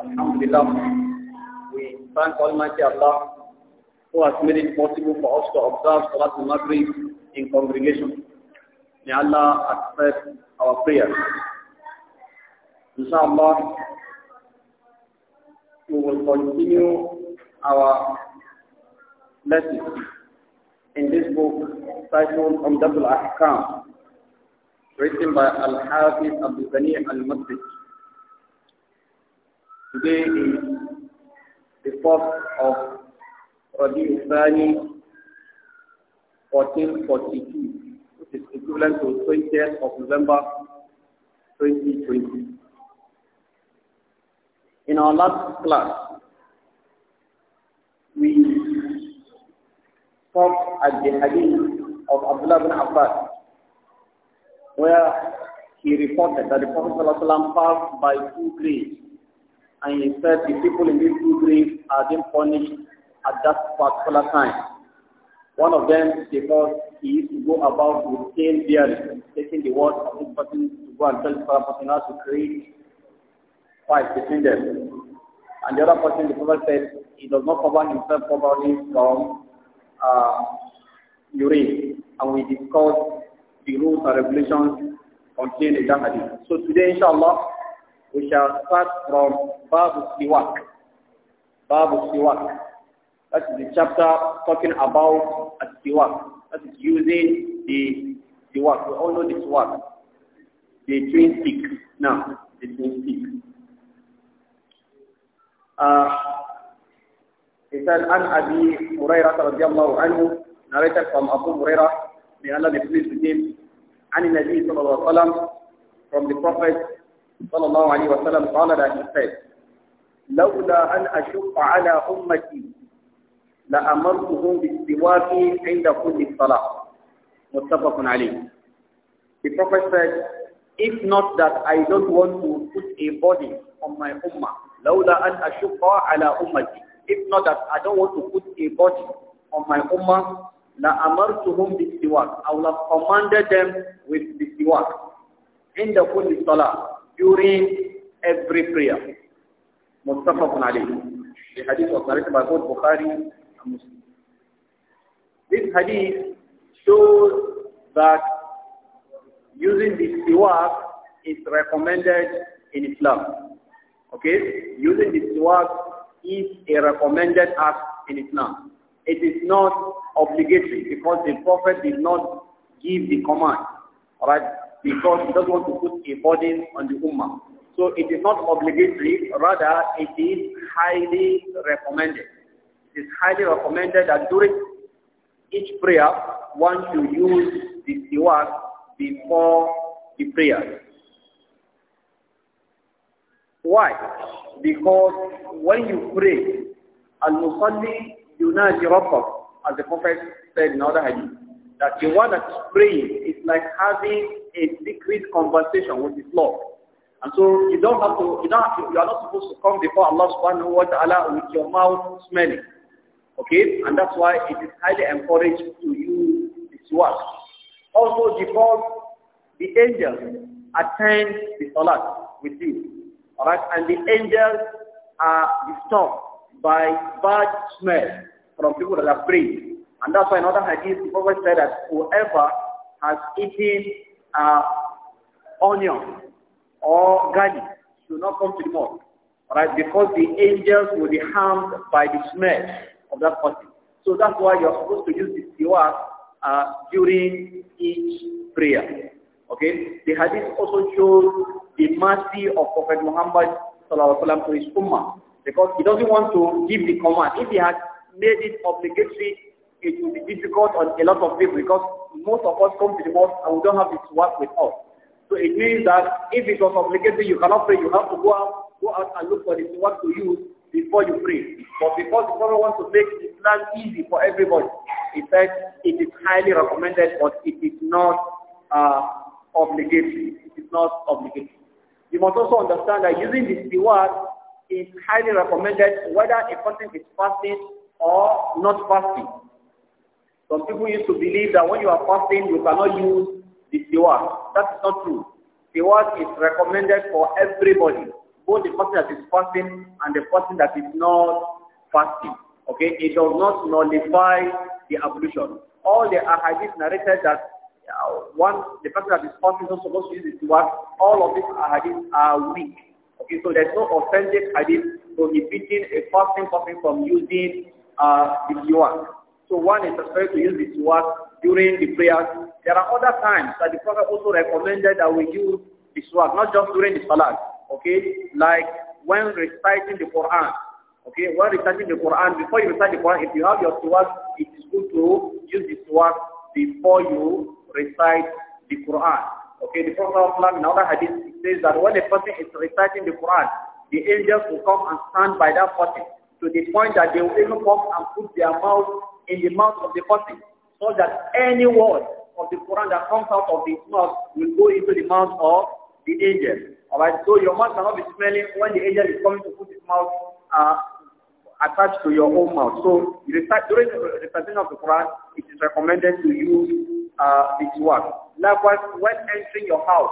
Alhamdulillah, we thank Almighty Allah who has made it possible for us to observe Salat al-Maghrib in congregation. May Allah accept our prayers. Inshallah, we will continue our lesson in this book titled Umdat al-Ahkam, written by Al-Hafiz Abdul Ghani al-Masjid. Today is the 4th of Rabi Usani 1442, which is equivalent to 20th of November 2020. In our last class, we stopped at the hadith of Abdullah bin Abbas, where he reported that the Prophet ﷺ passed by two graves and he said the people in these two graves are being punished at that particular time. One of them, because he used to go about with tail bearing, taking the word of this person to go and tell the other person how to create fight between them. And the other person, the prophet said, he does not cover himself properly from uh, urine. And we discussed the rules and regulations contained in that hadith. So today, inshallah, we shall start from Babu Siwak. Babu Siwak. That is the chapter talking about a Siwak. That is using the Siwak. We all know the Siwak. The twin stick. Now, the twin stick. Uh, it says, An Abi Hurairah radiallahu anhu, narrated from Abu Hurairah, may Allah be pleased with him, and in Nabi sallallahu alayhi wa sallam, from the Prophet sallallahu alaihi wasallam qala that he said, لولا أن أشق على أمتي لأمرتهم بالسواك عند كل الصلاة متفق عليه The Prophet said, if not that I don't want to put a body on my ummah, لولا أن أشق على أمتي If not that I don't want to put a body on my ummah, لأمرتهم بالسواك I will have commanded them with the siwak عند كل صلاة during every prayer. Mustafa Ali. The hadith was narrated by both Bukhari and Muslim. This hadith shows that using the siwak is recommended in Islam. Okay? Using the siwak is a recommended act in Islam. It is not obligatory because the Prophet did not give the command. Alright? because he doesn't want to put a burden on the ummah. So it is not obligatory, rather it is highly recommended. It is highly recommended that during each prayer, one should use the siwak before the prayer. Why? Because when you pray, al-musalli yunaji rabbah, as the Prophet said in other hadith, that the one that is praying is like having a secret conversation with his Lord. And so you don't have to, you, don't have to, you are not supposed to come before Allah subhanahu wa ta'ala with your mouth smelling. Okay? And that's why it is highly encouraged to use this word. Also because the angels attend the salah with you. Alright? And the angels are disturbed by bad smell from people that are praying. And that's why another hadith, the Prophet said that whoever has eaten uh, onion or garlic should not come to the mosque. Right? Because the angels will be harmed by the smell of that person. So that's why you're supposed to use the siwak uh, during each prayer. Okay? The hadith also shows the mercy of Prophet Muhammad sallam, to his ummah. Because he doesn't want to give the command. If he had made it obligatory it will be difficult on a lot of people because most of us come to the mosque and we don't have this work with us. So it means that if it was obligatory, you cannot pray. You have to go out, go out and look for this work to use before you pray. But because the Prophet wants to make Islam easy for everybody, he said it is highly recommended, but it is not uh, obligatory. It is not obligatory. You must also understand that using this word is highly recommended whether a person is fasting or not fasting. Some people used to believe that when you are fasting, you cannot use the siwak. That is not true. Siwak is recommended for everybody, both the person that is fasting and the person that is not fasting. Okay, it does not nullify the ablution. All the ahadith narrated that uh, one, the person that is fasting is not supposed to use the siwak, all of these ahadith are weak. Okay, so there's no authentic hadith prohibiting a fasting person from using uh, the siwak. So one is expected to use the siwak during the prayers. There are other times that the Prophet also recommended that we use the siwak, not just during the salat. Okay? Like when reciting the Quran. Okay? When reciting the Quran, before you recite the Quran, if you have your siwak, it is good to use the siwak before you recite the Quran. Okay? The Prophet in another hadith says that when a person is reciting the Quran, the angels will come and stand by that person to the point that they will even come and put their mouth in the mouth of the person, so that any word of the Quran that comes out of the mouth will go into the mouth of the angel. Alright, so your mouth cannot be smelling when the angel is coming to put his mouth uh, attached to your own mouth. So during the recitation of the Quran, it is recommended to use uh, this one. Likewise, when entering your house,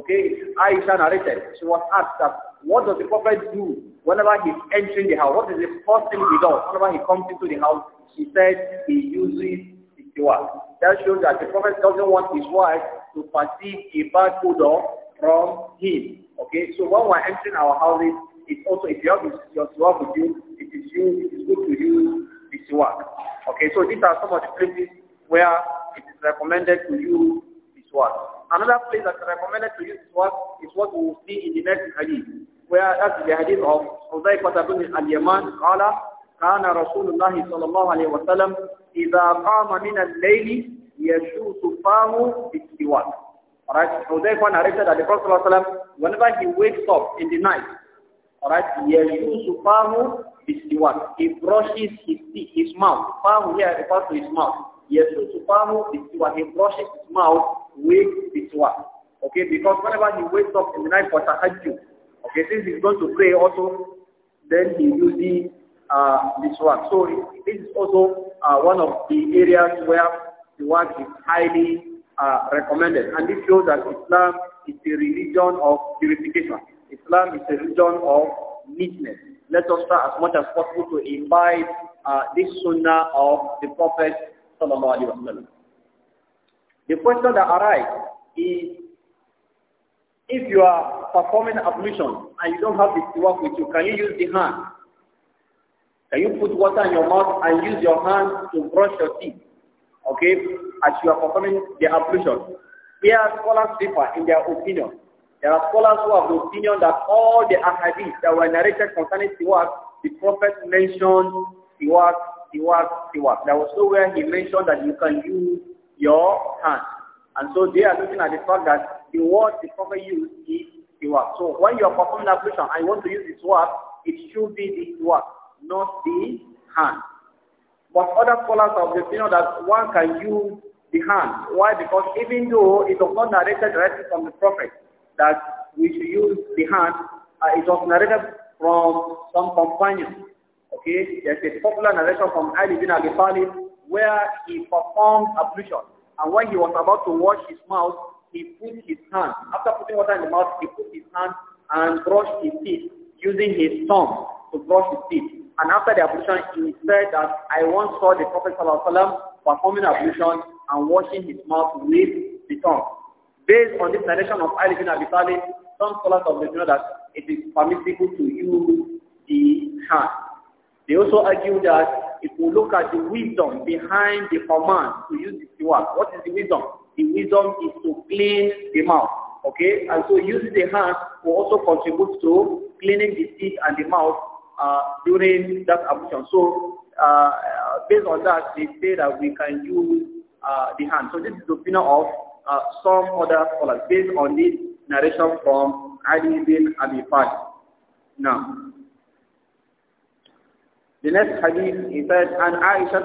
okay, Aisha narrated, she was asked that what does the prophet do whenever he's entering the house? What is the first thing he does whenever he comes into the house? He says he uses hijwa. That shows that the prophet doesn't want his wife to perceive a bad odor from him. Okay, so when we're entering our houses, it's also if you have your siwak with you, it is you, it is good to use the siwak. Okay, so these are some of the places where it is recommended to use the siwak. Another place that's recommended to you is what, is what we will see in the next hadith, where that's the hadith of Huzaiqat ibn al-Yaman, قال كان رسول الله صلى الله عليه وسلم إذا قام من الليل يشوط فاه بالسواك. Alright, Huzaiqat narrated that the Prophet صلى وسلم, whenever he wakes up in the night, alright, يشوط فاه بالسواك. He brushes his, teeth, his mouth. Fah here refers to his mouth this one He brushes his mouth with Biswa. Okay, because whenever he wakes up in the night for tahajjud, okay, since he's going to pray also, then he uses uh, one. So this is also uh, one of the areas where the work is highly uh, recommended. And this shows that Islam is a religion of purification. Islam is a religion of neatness. Let us try as much as possible to imbibe uh, this sunnah of the Prophet the question that arises is if you are performing ablution and you don't have the siwak with you, can you use the hand? Can you put water in your mouth and use your hand to brush your teeth? Okay, as you are performing the ablution. Here scholars differ in their opinion. There are scholars who have the opinion that all the ahadith that were narrated concerning siwak, the Prophet mentioned siwak siwak, siwak. There was nowhere he mentioned that you can use your hand. And so they are looking at the fact that the word the prophet used is siwak. So when you are performing ablution and you want to use the siwak, it should be the siwak, not the hand. But other scholars of the opinion that one can use the hand. Why? Because even though it was not narrated directly from the prophet that we should use the hand, uh, it was narrated from some companions. Okay, there's a popular narration from Ali bin Abi Talib where he performed ablution. And when he was about to wash his mouth, he put his hand, after putting water in the mouth, he put his hand and brushed his teeth using his tongue to brush his teeth. And after the ablution, he said that I once saw the Prophet ﷺ performing ablution and washing his mouth with the tongue. Based on this narration of Ali bin Abi Talib, some scholars of the know that it is permissible to use the hand. They also argue that if we look at the wisdom behind the command to use the siwak, what is the wisdom? The wisdom is to clean the mouth. Okay, and so using the hand will also contribute to cleaning the teeth and the mouth uh, during that ablution. So uh, based on that, they say that we can use uh, the hand. So this is the opinion of uh, some other scholars based on this narration from Ali bin Abi Fadi. Now. The next hadith, he said, "An Aisha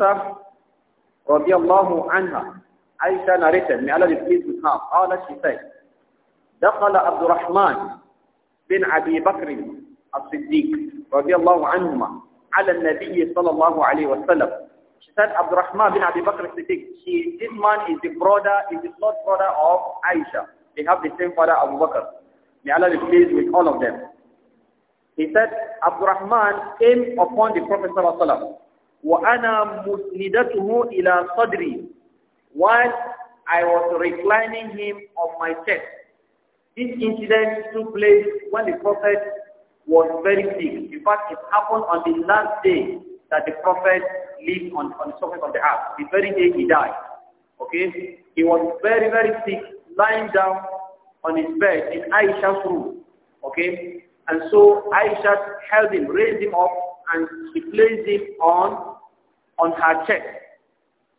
radiallahu anha, Aisha narrated, may Allah be pleased with her, قالت, she said, دخل عبد الرحمن بن أبي بكر الصديق رضي الله عنهما على النبي صلى الله عليه وسلم She said, Abdurrahman bin Abi Bakr Siddiq, she, this man is the brother, is the third brother of Aisha. They have the same father, Abu Bakr. May Allah be pleased with all of them. He said, Abdurrahman came upon the Prophet ﷺ. While I was reclining him on my chest. This incident took place when the Prophet was very sick. In fact, it happened on the last day that the Prophet lived on, on the surface of the earth. The very day he died. Okay? He was very, very sick, lying down on his bed in Aisha's room. Okay? And so Aisha held him, raised him up, and she placed him on, on her chest.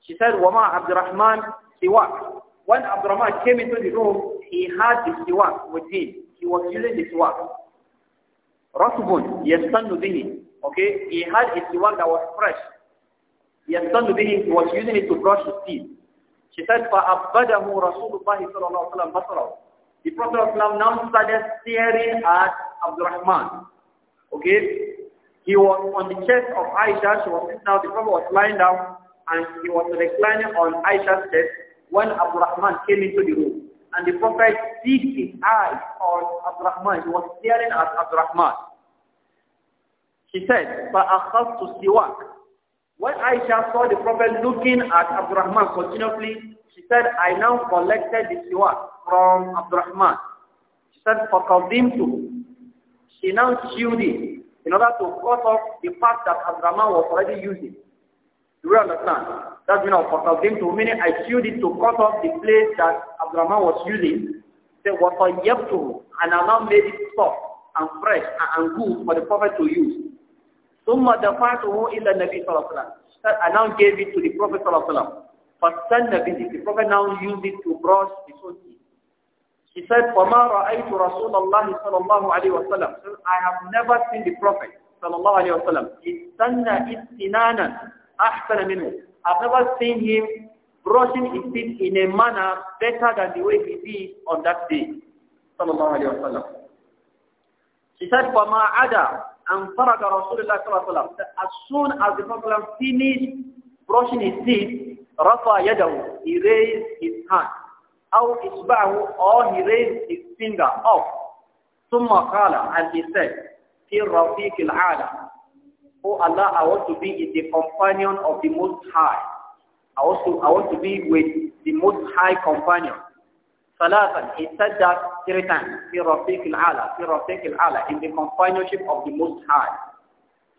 She said, Wama Abdurrahman Siwak. When Abdurrahman came into the room, he had the Siwak with him. He was using the Siwak. Rasbun, yastannu bihi. Okay, he had a Siwak that was fresh. Yastannu bihi, he was using it to brush his teeth. She said, فَأَبَّدَهُ رَسُولُ اللَّهِ صَلَى اللَّهُ عَلَيْهِ وَسَلَّمَ the Prophet now started staring at Abdurrahman. Okay? He was on the chest of Aisha. She was sitting down. The Prophet was lying down and he was reclining on Aisha's chest when Abdurrahman came into the room. And the Prophet fixed his eyes on Abdurrahman. He was staring at Abdurrahman. She said, to سِوَاكَ When Aisha saw the Prophet looking at Abdurrahman continuously, she said, I now collected the siwak from Abdurrahman. She said, too, She now chewed it in order to cut off the part that Abdurrahman was already using. Do you understand? That's mean of too. meaning I chewed it to cut off the place that Abdurrahman was using. Say, وَطَيَّبْتُهُ And I now made it soft and fresh and good for the Prophet to use. ثُمَّ دَفَعْتُهُ إِلَّا النَّبِي صَلَى اللَّهُ عَلَيْهِ I now gave it to the Prophet صلى الله عليه وسلم. فَاسْتَنَّ بِهِ The Prophet now used it to brush his own teeth. He said, فَمَا رَأَيْتُ رَسُولَ اللَّهِ صَلَى اللَّهُ عَلَيْهِ وَسَلَّمَ so, I have never seen the Prophet صلى الله عليه وسلم استنى استنانا أحسن منه I've never seen him brushing his teeth in a manner better than the way he did on that day صلى الله عليه وسلم He said, فَمَا عَدَى أَنْ فَرَقَ رَسُولِ اللَّهِ صلى الله عليه وسلم As soon as the Prophet finished brushing his teeth, Rafa yadahu, he raised his hand. Aw isba'ahu, or he raised his finger up. Thumma qala, and he said, Fi rafiq al-ala. Oh Allah, I want to be in the companion of the Most High. I want to, I want to be with the Most High companion. Salatun, he said that three times. Fi rafiq al-ala, fi rafiq al-ala, in the companionship of the Most High.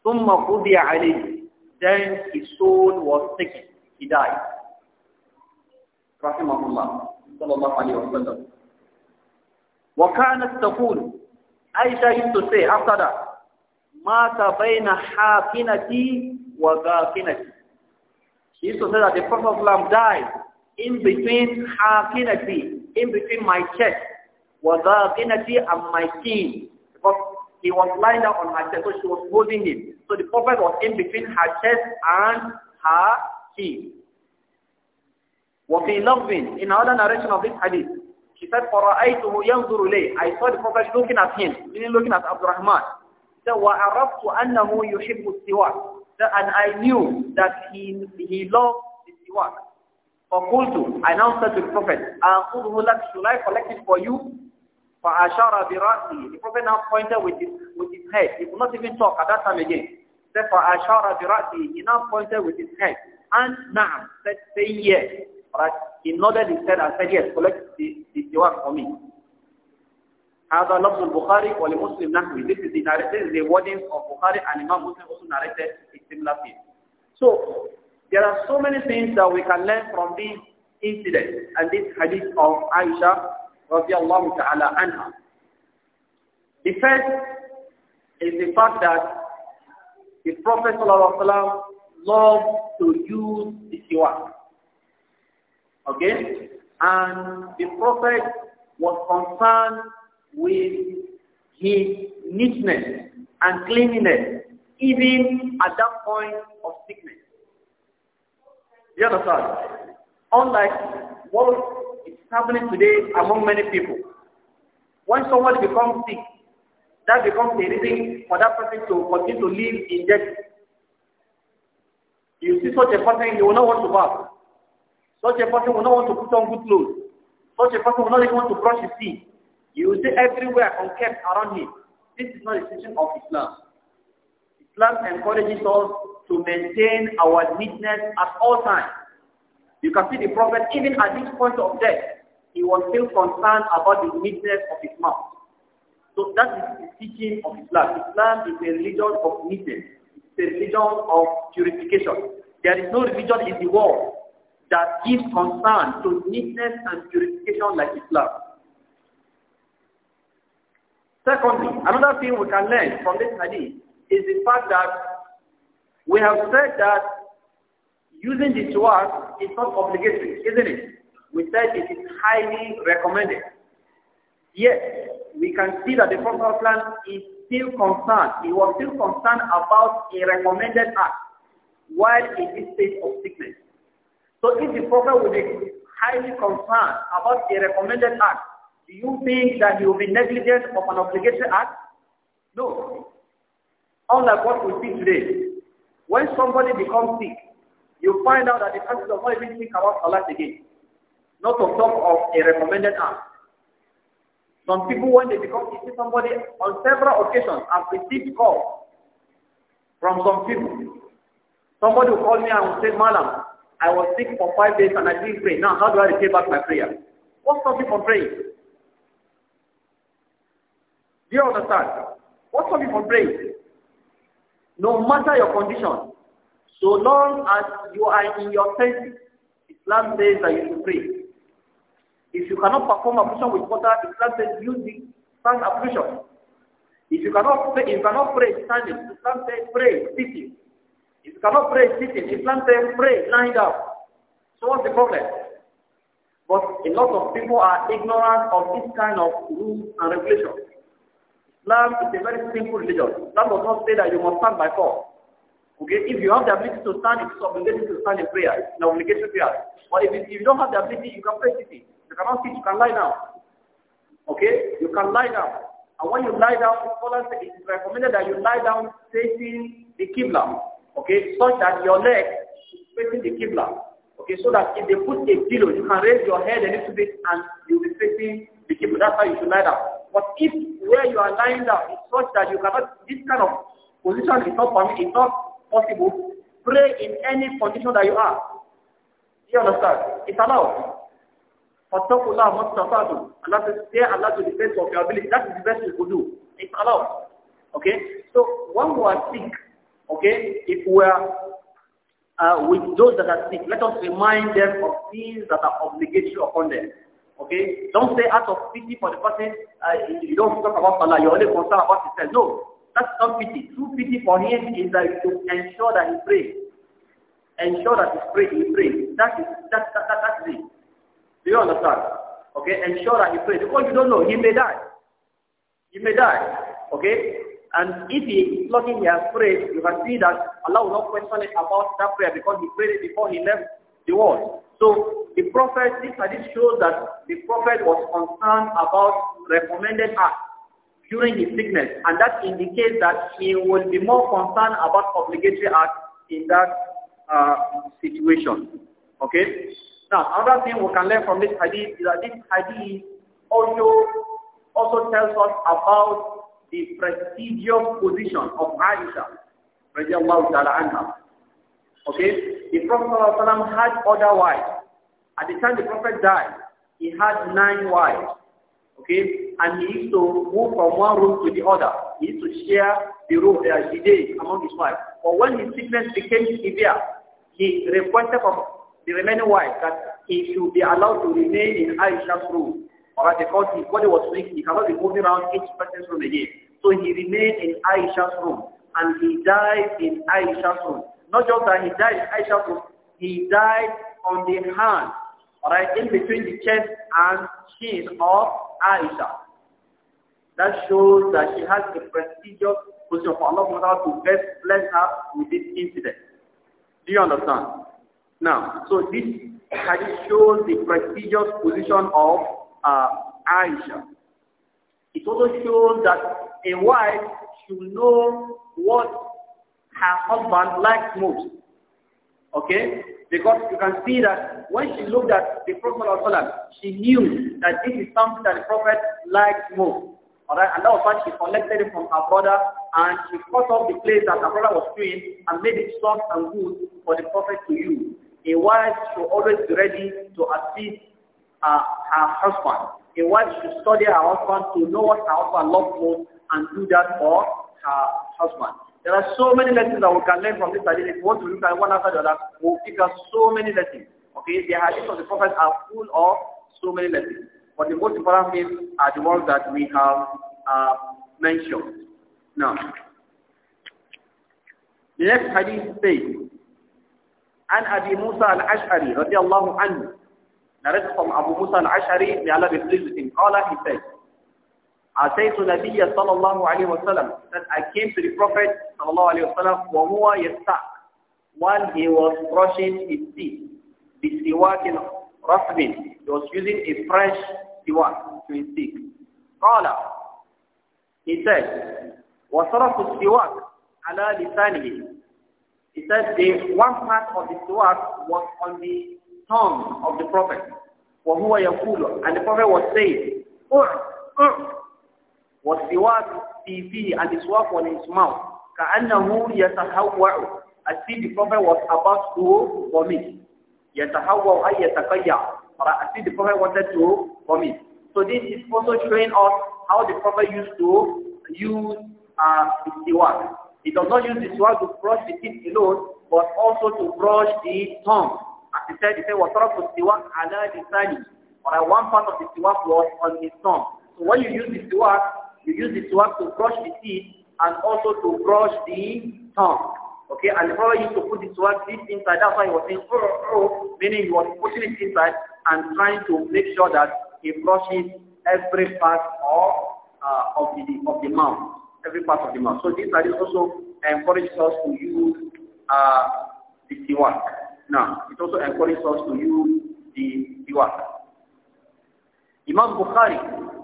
Thumma qudiya alayhi. Then his soul was taken. He died. Rahimahullah. Sallallahu alayhi wa sallam. وكانت تقول Aisha used to say after that مات بين حاكنتي وغاكنتي She used to say that the Prophet of died in between hakinati, in between my chest, wadakinati and my skin. Because he was lying down on her chest, so she was holding him. So the prophet was in between her chest and her he. وَفِي لَغْوٍ In another narration of this hadith, he said, فَرَأَيْتُهُ يَنْظُرُ لَيْهِ I saw the Prophet looking at him, meaning looking at Abdurrahman. So, وَعَرَفْتُ أَنَّهُ يُحِبُّ السِّوَاكِ and I knew that he, he loved the siwak. فَقُلْتُ I now said to the Prophet, أَخُذْهُ لَكْ Should I collect it for you? فَأَشَارَ بِرَأْسِهِ The Prophet now pointed with his, with his head. He could not even talk at that time again. Therefore, أَشَارَ بِرَأْسِهِ He now pointed with his head and na'am, said, saying yes. Right? He nodded his head and said, yes, collect the, the jawab for me. هذا لفظ البخاري ولمسلم نحوه. This is the narrative, the wording of Bukhari and Imam Muslim also narrated a similar thing. So, there are so many things that we can learn from this incident and this hadith of Aisha رضي الله تعالى عنها. The first is the fact that the Prophet sallallahu love to use the siwak. Okay? And the Prophet was concerned with his neatness and cleanliness, even at that point of sickness. You understand? Unlike what is happening today among many people. When someone becomes sick, that becomes a reason for that person to continue to live in death you see such a person, he will not want to bath. Such a person will not want to put on good clothes. Such a person will not even want to brush his teeth. You will see everywhere unkept around him. This is not the teaching of Islam. Islam encourages us to maintain our neatness at all times. You can see the Prophet, even at this point of death, he was still concerned about the neatness of his mouth. So that is the teaching of Islam. Islam is a religion of neatness. The religion of purification. There is no religion in the world that gives concern to neatness and purification like Islam. Secondly, another thing we can learn from this hadith is the fact that we have said that using the tuas is not obligatory, isn't it? We said it is highly recommended. Yes, we can see that the Prophet is still concerned, he was still concerned about a recommended act while in this state of sickness. So if the prophet would be highly concerned about a recommended act, do you think that he will be negligent of an obligatory act? No. Unlike what we see today, when somebody becomes sick, you find out that the person does not even think about Allah again, not to talk of a recommended act. Some people, when they become teaching somebody, on several occasions, have received calls from some people. Somebody will call me and will say, Madam, I was sick for five days and I didn't pray. Now, how do I repay back my prayer? What stops you from praying? Do you understand? What stops you from praying? No matter your condition, so long as you are in your senses, Islam says that you should pray. If you cannot perform ablution with water, Islam says use the sand ablution. If you cannot pray, if you cannot pray standing, Islam says pray sitting. If you cannot pray sitting, Islam says pray lying down. So what's the problem? But a lot of people are ignorant of this kind of rules and regulations. Islam is a very simple religion. Islam does not say that you must stand by force. Okay, if you have the ability to stand, it's obligation to stand in prayer. It's an obligation prayer. But if you, if you don't have the ability, you can pray sitting. You cannot sit, you can lie down. Okay? You can lie down. And when you lie down, scholars say it's recommended that you lie down facing the Qibla. Okay? Such that your leg is facing the Qibla. Okay? So that if they put a pillow, you can raise your head a little bit and you'll be facing the Qibla. That's how you should lie down. But if where you are lying down is such that you cannot, this kind of position is not permitted, it's not possible, pray in any condition that you are. You understand? It's allowed. فاتقوا الله ما استطعتم Allah says, stay Allah to the best of your ability. That is the best you could do. It's allowed. Okay? So one we are sick, okay, if we are uh, with those that are sick, let us remind them of things that are obligatory upon them. Okay? Don't say out of pity for the person, uh, you don't talk about Allah, you're only concerned about yourself. No. That's not pity. True pity for him is that to ensure that he prays. Ensure that he prays, he prays. That is, that, that, that, that's it. Do you understand? Okay, ensure that you pray because you don't know, he may die. He may die. Okay? And if he plucking he has prayed, you can see that Allah will not question it about that prayer because he prayed it before he left the world. So the prophet, this hadith shows that the prophet was concerned about recommended acts during his sickness, and that indicates that he will be more concerned about obligatory acts in that uh, situation. Okay? Now, another thing we can learn from this hadith is that this hadith also, also tells us about the prestigious position of Aisha, anha. Okay? The Prophet ﷺ had other wives. At the time the Prophet died, he had nine wives. Okay? And he used to move from one room to the other. He used to share the room uh, that he did among his wives. But when his sickness became severe, he requested for the remaining wife, that he should be allowed to remain in Aisha's room. Alright, because his body was weak, he cannot be moving around each person's room again. So he remained in Aisha's room, and he died in Aisha's room. Not just that he died in Aisha's room, he died on the hand, alright, in between the chest and chin of Aisha. That shows that she has a prestigious position for Allah to best bless her with this incident. Do you understand? Now, so this hadith shows the prestigious position of uh, Aisha. It also shows that a wife should know what her husband likes most. Okay? Because you can see that when she looked at the Prophet, she knew that this is something that the Prophet likes most. Alright, and that was why she collected it from her brother and she cut off the place that her brother was doing and made it soft and good for the Prophet to use a wife should always be ready to assist uh, her husband. A wife should study her husband to know what her husband loves most and do that for her husband. There are so many lessons that we can learn from this hadith. If we want to look at one after the other, we'll pick up so many lessons. Okay, the hadiths of the Prophet are full of so many lessons. But the most important things are the ones that we have uh, mentioned. Now, the next hadith says, an Abi Musa al-Ash'ari radiallahu anhu, narrated from Abu Musa al-Ash'ari, may Allah be pleased with him. Allah, he said, أتيت نبي صلى الله عليه وسلم that I came to the Prophet صلى الله عليه وسلم وهو يستعق while he was brushing his teeth بسواك رطب he was using a fresh siwak to his teeth قال he said وصرف السواك على لسانه he said the one part of the sword was on the tongue of the Prophet. وَهُوَ And the Prophet was saying, Ur, Ur. word TV, And his sword was in his mouth. كَأَنَّهُ يَتَحَوَّعُ As if the Prophet was about to vomit. يَتَحَوَّعُ أَيْ يَتَقَيَّعُ As if the Prophet wanted to vomit. So this is also showing us how the Prophet used to use uh, his he does not use the sword to brush the teeth alone, but also to brush the tongue. As he said, he said, وَطَرَفُ السِّوَاكْ the لِسَانِهِ Or one part of the siwak was on his tongue. So when you use the siwak, you use the siwak to brush the teeth and also to brush the tongue. Okay, and the Prophet used to put the siwak deep inside. That's why he was saying, oh, oh, meaning he was pushing it inside and trying to make sure that he brushes every part of, uh, of, the, of the mouth every part of the mouth. So this hadith also encourages us to use uh, the siwak. Now, it also encourages us to use the siwak. Imam Bukhari,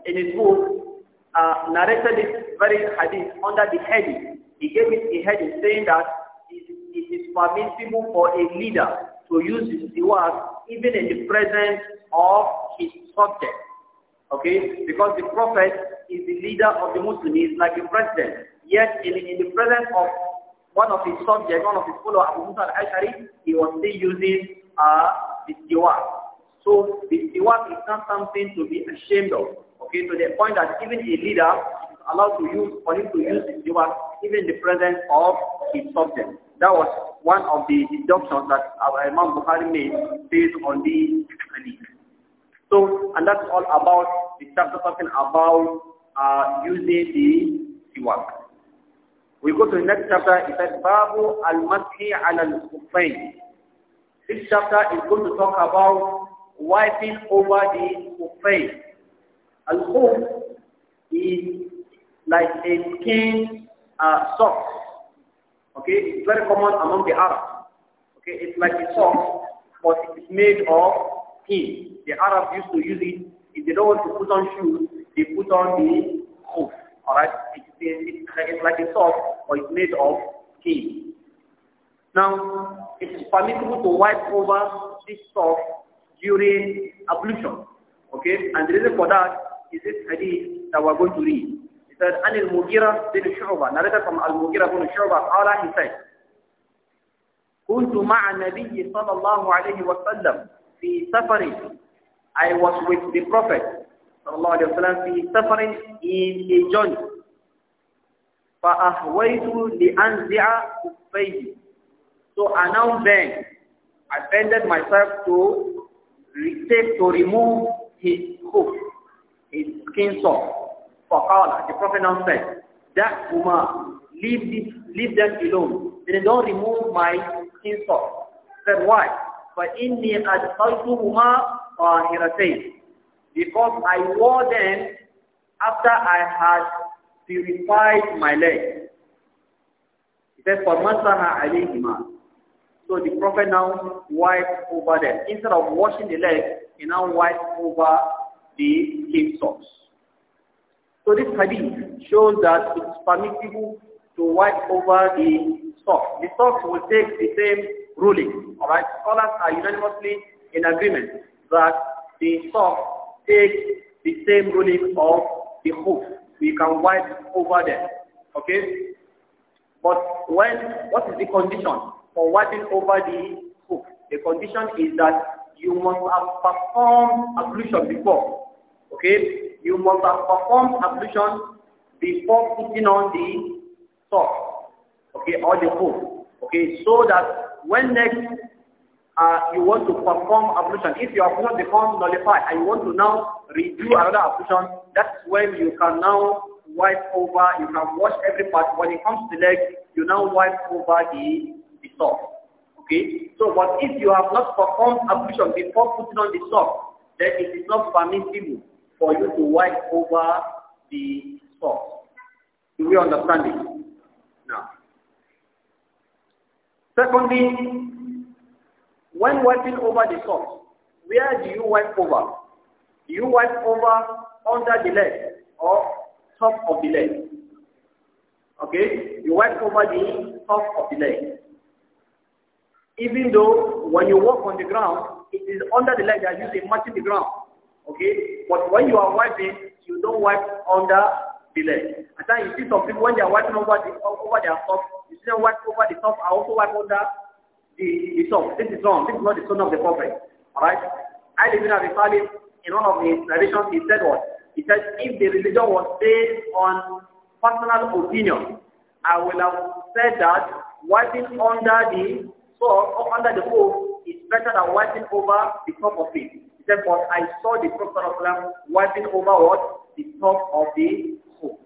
in his book, uh, narrated this very hadith under the heading. He gave it a heading saying that it is permissible for a leader to use his siwak even in the presence of his subject. Okay? Because the Prophet is the leader of the Muslims, like a president. Yet in, in the presence of one of his subjects, one of his followers, Abu Musa al-Ashari, he was still using uh, the siwak. So the siwak is not something to be ashamed of. Okay, to the point that even a leader is allowed to use, for him to use the siwak, even in the presence of his subject. That was one of the deductions that our Imam Bukhari made based on the hadith. So, and that's all about the chapter talking about uh, using the siwak. We go to the next chapter. It says Babu al-Mashi al-Kufayn. This chapter is going to talk about wiping over the kufayn. Al-Kuf is like a skin uh, sock. Okay, it's very common among the Arabs. Okay, it's like a sock, but it's made of skin. The Arabs used to use it if they don't want to put on shoes they put on the hoof, alright? it's like a sock, or it's made of skin. Now, it's permissible to wipe over this sock during ablution, okay? And the reason for that is this hadith that we're going to read. It says, al-Mugira بن شعبة, narrated from المغيرة بن شعبة, Allah he said, كنت مع النبي صلى الله عليه وسلم في سفر I was with the Prophet sallallahu alayhi wa sallam fi safarin in a journey. فَأَهْوَيْتُ لِأَنْزِعَ كُفَّيْهِ So I now then, I bended myself to take, to remove his hoof, his skin sore. فَقَالَ The Prophet now said, that woman, leave, this, leave them alone. They don't remove my skin sore. Said, why? فَإِنِّي أَدْخَلْتُهُمَا طَاهِرَتَيْنِ because I wore them after I had purified my legs. He So the Prophet now wiped over them. Instead of washing the legs, he now wiped over the skin socks. So this hadith shows that it's permissible to wipe over the socks. The socks will take the same ruling. Alright, scholars are unanimously in agreement that the socks take the same ruling of the hoof. We can wipe over them. Okay? But when, what is the condition for wiping over the hoof? The condition is that you must have performed ablution before. Okay? You must have performed ablution before putting on the sock. Okay? Or the hoof. Okay? So that when next uh, you want to perform ablution. If your ablution becomes nullified and you want to now redo another ablution, that's when you can now wipe over, you can wash every part. When it comes to the leg, you now wipe over the, the sock. Okay? So, but if you have not performed ablution before putting on the sock, then it is not permissible for you to wipe over the sock. Do we understand it? Now. Secondly, when wiping over the socks, where do you wipe over? You wipe over under the leg or top of the leg. Okay? You wipe over the top of the leg. Even though when you walk on the ground, it is under the leg that you are matching the ground. Okay? But when you are wiping, you don't wipe under the leg. And then you see some people when they are wiping over the over their top, you see them wipe over the top, I also wipe under the, the song. This is wrong. This is not the son of the Prophet. Alright? Ali ibn Abi Talib, in one of his narrations, he said what? He said, if the religion was based on personal opinion, I will have said that wiping under the sword or under the hook is better than wiping over the top of it. He said, but I saw the Prophet wiping over what? The top of the hook.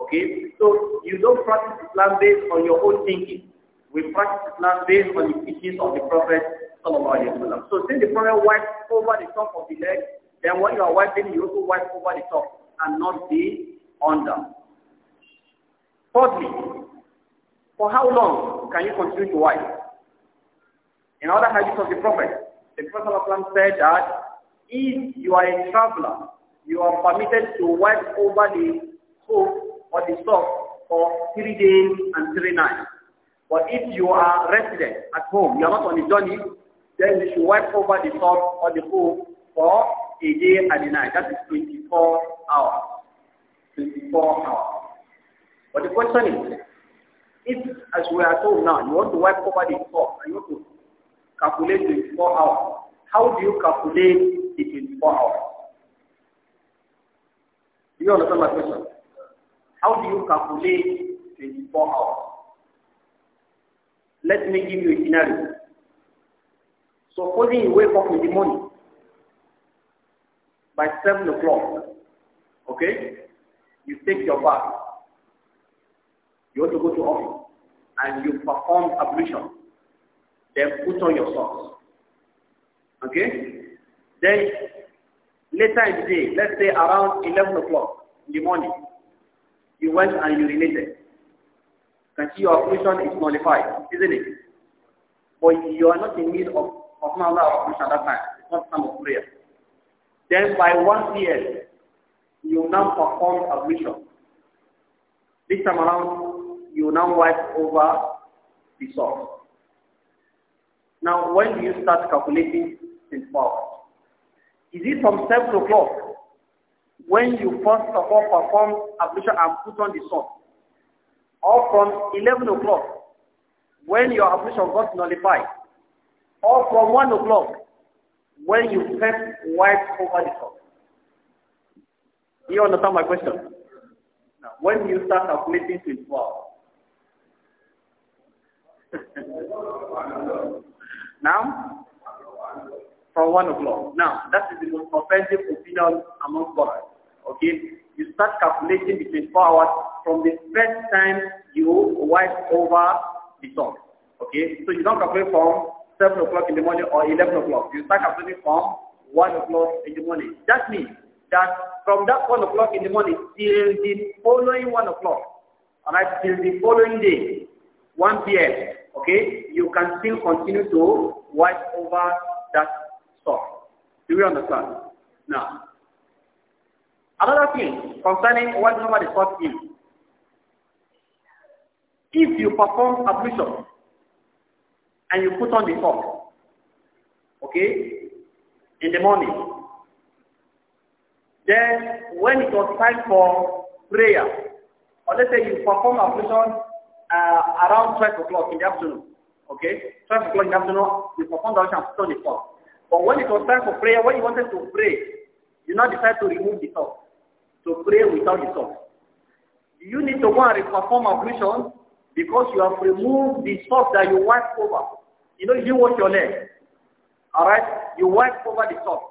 Okay? So you don't practice Islam based on your own thinking we practice Islam based on the teachings of the Prophet So since the Prophet wipes over the top of the leg, then when you are wiping, you also wipe over the top and not the under. Fourthly, for how long can you continue to wipe? In other hadith of the Prophet, the Prophet said that if you are a traveler, you are permitted to wipe over the hoof or the sock for three days and three nights. But if you are resident at home, you are not on the journey, then you should wipe over the top or the pool for a day and a night. That is 24 hours. 24 hours. But the question is, if, as we are told now, you want to wipe over the top and you want to calculate 24 hours, how do you calculate the 24 hours? Do you understand my question? How do you calculate 24 hours? Let me give you a scenario. Supposing you wake up in the morning by 7 o'clock, okay? You take your bath. You want to go to office and you perform ablution. Then put on your socks. Okay? Then later in the day, let's say around 11 o'clock in the morning, you went and urinated that your operation is nullified, isn't it? But you are not in need of, of another operation at that time. It's not time of prayer. Then by 1 p.m., you now perform ablution. This time around, you now wipe over the salt. Now, when do you start calculating in power? Is it from 7 o'clock when you first of all perform ablution and put on the salt? or from 11 o'clock when your ablution got nullified, or from 1 o'clock when you first wipe over the top. You understand my question? Now, when you start calculating 24 hours. now, from 1 o'clock. Now, that is the most offensive opinion among scholars. Okay? You start calculating the 24 hours from the first time you wipe over the song. Okay? So you don't calculate from 7 o'clock in the morning or 11 o'clock. You start calculating from 1 o'clock in the morning. That means that from that 1 o'clock in the morning till the following 1 o'clock, alright, till the following day, 1 p.m., okay, you can still continue to wipe over that stock. Do you understand? Now, Another thing concerning what normal report is, if you perform ablution and you put on the top, okay, in the morning, then when it was time for prayer, or let's say you perform ablution uh, around 12 o'clock in the afternoon, okay, 12 o'clock in the afternoon, you perform the ablution and put on the top. But when it was time for prayer, when you wanted to pray, you now decide to remove the top to pray without the socks. You need to go and perform ablution because you have removed the socks that you wipe over. You know, you wash your leg. Alright? You wipe over the socks.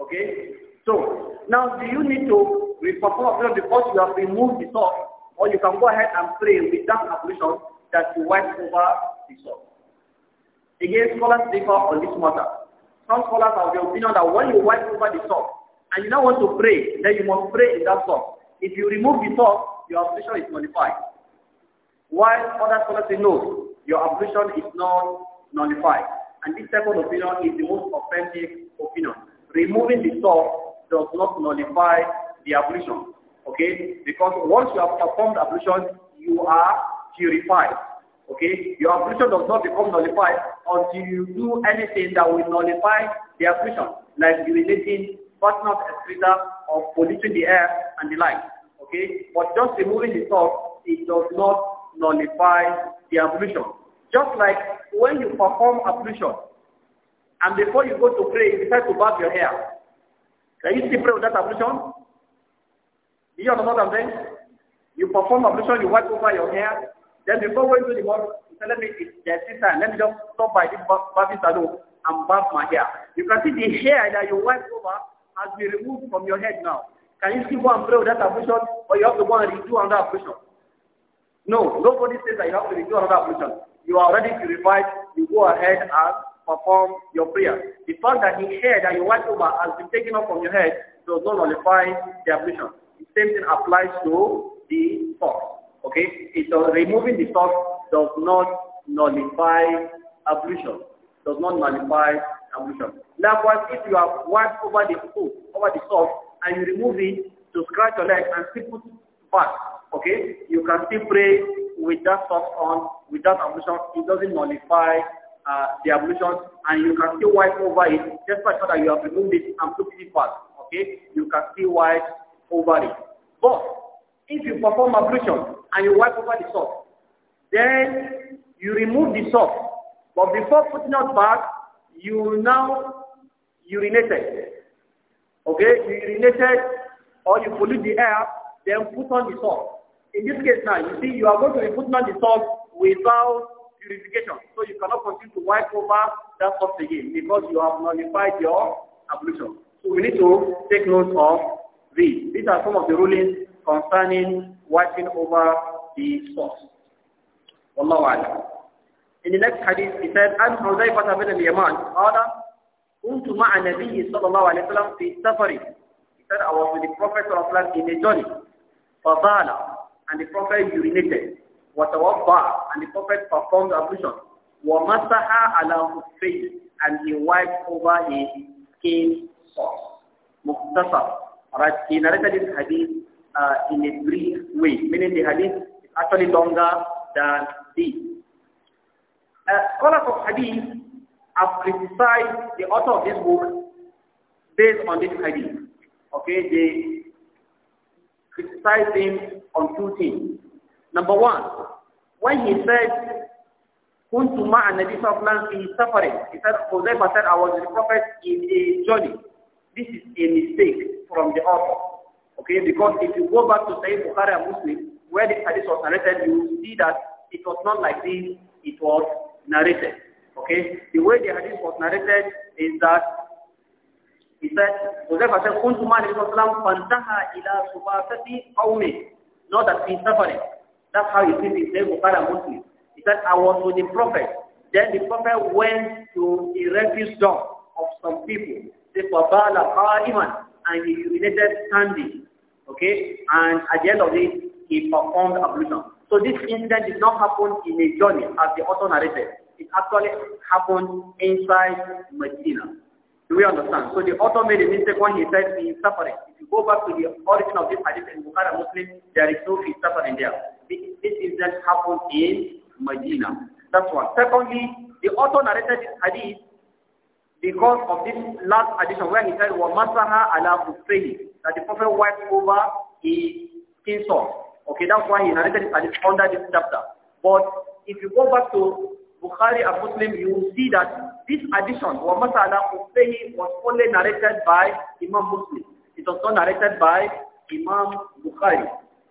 Okay? So, now do you need to perform ablution because you have removed the socks? Or you can go ahead and pray without ablution that you wipe over the socks. Again, scholars differ on this matter. Some scholars have the opinion that when you wipe over the socks, and you now want to pray, then you must pray in that song. If you remove the song, your ablution is nullified. While other scholars say no, your ablution is not nullified. And this second opinion is the most offensive opinion. Removing the song does not nullify the ablution. Okay? Because once you have performed ablution, you are purified. Okay? Your ablution does not become nullified until you do anything that will nullify the ablution, like urinating but not excreta or polluting the air and the like. Okay? But just removing the salt, it does not nullify the ablution. Just like when you perform ablution, and before you go to pray, you decide to bath your hair. Can you still pray with that ablution? you understand what I'm saying? You perform ablution, you wipe over your hair. Then before going to the mosque, you tell me there's this time. Let me just stop by this bathing salon and bath my hair. You can see the hair that you wipe over has been removed from your head now. Can you still go and pray with that ablution or you have to go and redo another ablution? No, nobody says that you have to redo another ablution. You are ready to purified, you go ahead and perform your prayer. The fact that the hair that you wiped over has been taken off from your head does not nullify the ablution. The same thing applies to the source. Okay? so removing the source does not nullify ablution, does not nullify ablution. Likewise, if you have wiped over the food, over the salt, and you remove it to scratch your leg and still put back, okay, you can still pray with that salt on, with that ablution. It doesn't nullify uh, the ablution, and you can still wipe over it, just by that you have removed it and put it back, okay? You can still wipe over it. But if you perform ablution and you wipe over the salt, then you remove the salt. But before putting it back, you now urinated. Okay, you urinated or you pollute the air, then put on the salt. In this case now, you see, you are going to be putting on the salt without purification. So you cannot continue to wipe over that salt again because you have nullified your ablution. So we need to take note of these. These are some of the rulings concerning wiping over the salt. Wallahu in the next hadith, he said, "I "An Huzaifah bin al-Yaman qala كنت مع النبي صلى الله عليه وسلم في سفر he said I was with the Prophet of الله in a journey فضال and the Prophet urinated وتوضع and the Prophet performed ablution ومسح على خفيه and he wiped over his skin source مختصر right he narrated this hadith uh, in a brief way meaning the hadith is actually longer than this uh, scholars of hadith have criticized the author of this book based on this hadith. Okay, they criticize him on two things. Number one, when he said, كنت مع النبي صلى الله عليه وسلم في he said, Huzaifa said, I was the Prophet in a journey. This is a mistake from the author. Okay, because if you go back to Sahih Bukhari and Muslim, where the hadith was narrated, you will see that it was not like this, it was narrated. Okay? The way the hadith was narrated is that he said, Huzaifa said, كنت مع النبي صلى الله عليه وسلم فانتهى إلى سباسة قومه. Not that he's suffering. That's how he sees his name, Bukhara Muslim. He said, I was with the prophet. Then the prophet went to the refuge dump of some people. They فَبَالَ قَائِمًا And he urinated standing. Okay? And at the end of it, he performed ablution. So this incident did not happen in a journey as the author narrated. It actually happened inside Medina. Do we understand? So the author made a mistake when he said he is suffering. If you go back to the origin of this hadith in Bukhara Muslim, there is no he suffering there. This, this incident happened in Medina. That's one. Secondly, the author narrated this hadith because of this last addition where he said, وَمَسَهَا عَلَى خُفْرِهِ That the Prophet wiped over his skin sore. Okay, that's why he narrated it under this chapter. But if you go back to Bukhari and Muslim, you will see that this addition, wa masala Ufehi, was only narrated by Imam Muslim. It was not narrated by Imam Bukhari.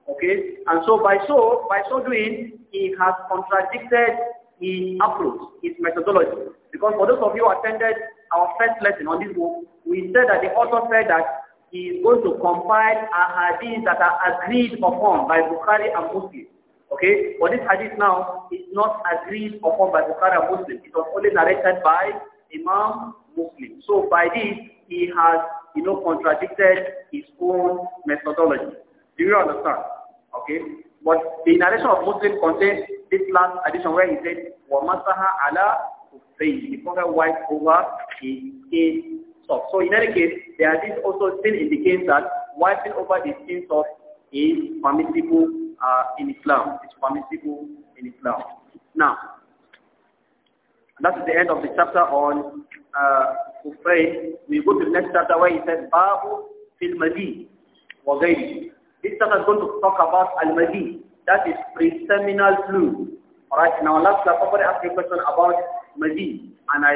Okay? And so by so, by so doing, he has contradicted his approach, his methodology. Because for those of you who attended our first lesson on this book, we said that the author said that he is going to compile a hadith that are agreed upon by Bukhari and Muslim. Okay, but this hadith now is not agreed upon by Bukhari and Muslim. It was only narrated by Imam Muslim. So by this, he has, you know, contradicted his own methodology. Do you understand? Okay, but the narration of Muslim contains this last addition where he said, وَمَسَهَا عَلَى حُسَّيْنِ The Prophet wiped over his skin so in any case, the also still indicates that wiping over the sins of is permissible uh, in Islam. It's permissible in Islam. Now, that's the end of the chapter on uh, We go to the next chapter where it says, Babu fil Madi wa This chapter is going to talk about Al-Madi. That is pre-seminal flu. Alright, now last chapter, I asked a question about Madi, and I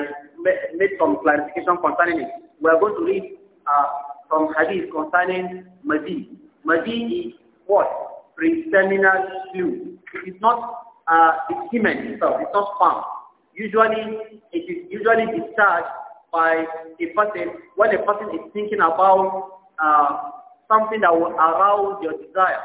made some clarification concerning it we are going to read uh, some hadith concerning Mahdi. Mahdi is what? Preseminal fluid. It's not uh, the semen itself. It's not sperm. Usually, it is usually discharged by a person when a person is thinking about uh, something that will arouse your desire.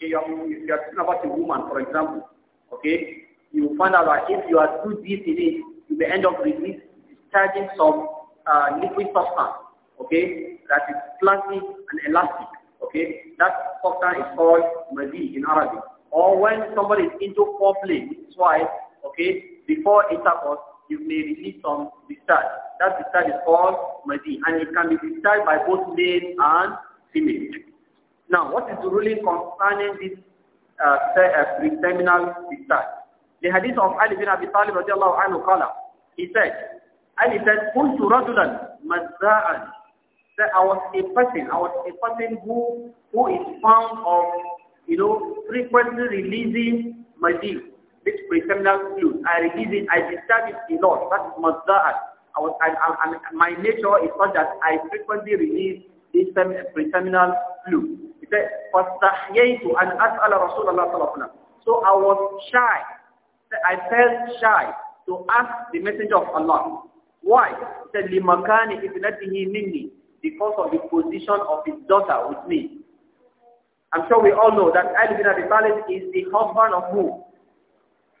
If you are thinking about a woman, for example, okay, you find out that if you are too deep in it, you may end up releasing, discharging some uh, liquid substance, okay, that is plastic and elastic, okay, that substance is called mazi in Arabic. Or when somebody is into foreplay, it's why, okay, before intercourse, you may release some discharge. That discharge is called mazi, and it can be discharged by both male and female. Now, what is the ruling concerning this uh, seminal uh, discharge? The hadith of Ali bin Abi Talib radiallahu anhu he said, and he said, Kuntu rajulan mazza'an. That I was a person, I was a person who, who is fond of, you know, frequently releasing my deal, this preseminal fluid. I release it, I discharge it a lot. That is mazza'an. I was, I, I, I, my nature is such that I frequently release this preseminal fluid. He said, فَاسْتَحْيَيْتُ أَنْ أَسْأَلَ رَسُولَ اللَّهِ صَلَى اللَّهُ عَلَيْهِ So I was shy. I felt shy to ask the messenger of Allah. Why? He said, Because of the position of his daughter with me. I'm sure we all know that Ali bin Abi Talib is the husband of who?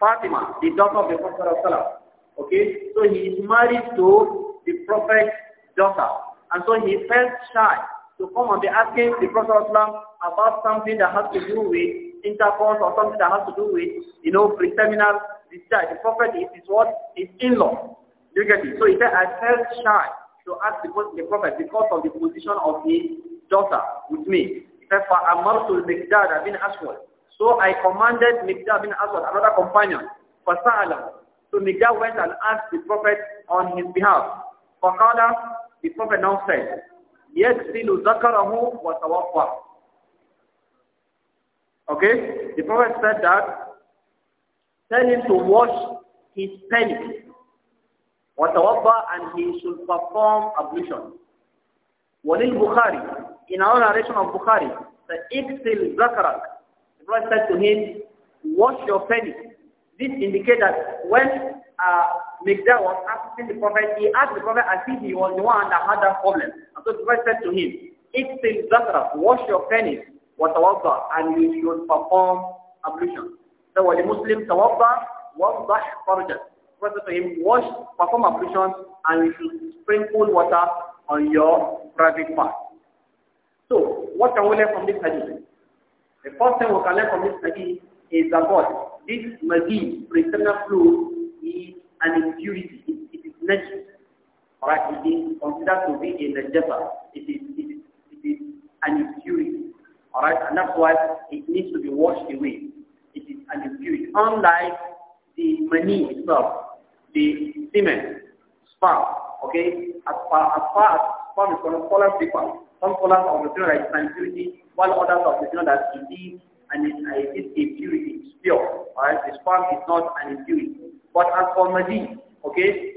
Fatima, the daughter of the Prophet of Salah. Okay? So he is married to the Prophet's daughter. And so he felt shy to come and be asking the Prophet of Islam about something that has to do with intercourse or something that has to do with, you know, preterminal discharge. The Prophet is, his what? His in-law. Do you get it? So he said, I felt shy to ask the, the prophet because of the position of his daughter with me. He said, to الْمِقْدَادَ bin أَسْوَدْ So I commanded Miqdad bin Aswad, another companion, فَسَأَلَهُ So Miqdad went and asked the prophet on his behalf. فَقَالَ The prophet now said, يَكْسِلُ ذَكَرَهُ وَتَوَفَّى Okay? The prophet said that, tell him to wash his pelvis وتوضأ and he should perform ablution. Walil Bukhari, in our narration of Bukhari, the Iqsil Zakarak, the Prophet said to him, wash your penis. This indicates that when uh, Migdal was asking the Prophet, he asked the Prophet as if he was the one that had that problem. And so the Prophet said to him, Iqsil Zakarak, wash your penis, وتوضأ and you should perform ablution. So when the Muslim توضأ, وضح فرجك to him, wash, perform ablutions, and you should sprinkle water on your private part. So, what can we learn from this hadith? The first thing we can learn from this hadith is that This magi, internal fluid, is an impurity. It, it is negative. Alright, it is considered to be a najasa. It is, it is, it is an impurity. Alright, and that's why it needs to be washed away. It is an impurity. Unlike the money itself, the semen, sperm, okay? As far as, far as sperm is going to follow people, some scholars of the theory like sanctity, while others of the theory that it is and it, uh, it is impurity, it's pure, alright? The sperm is not an impurity. But as for Mahdi, okay,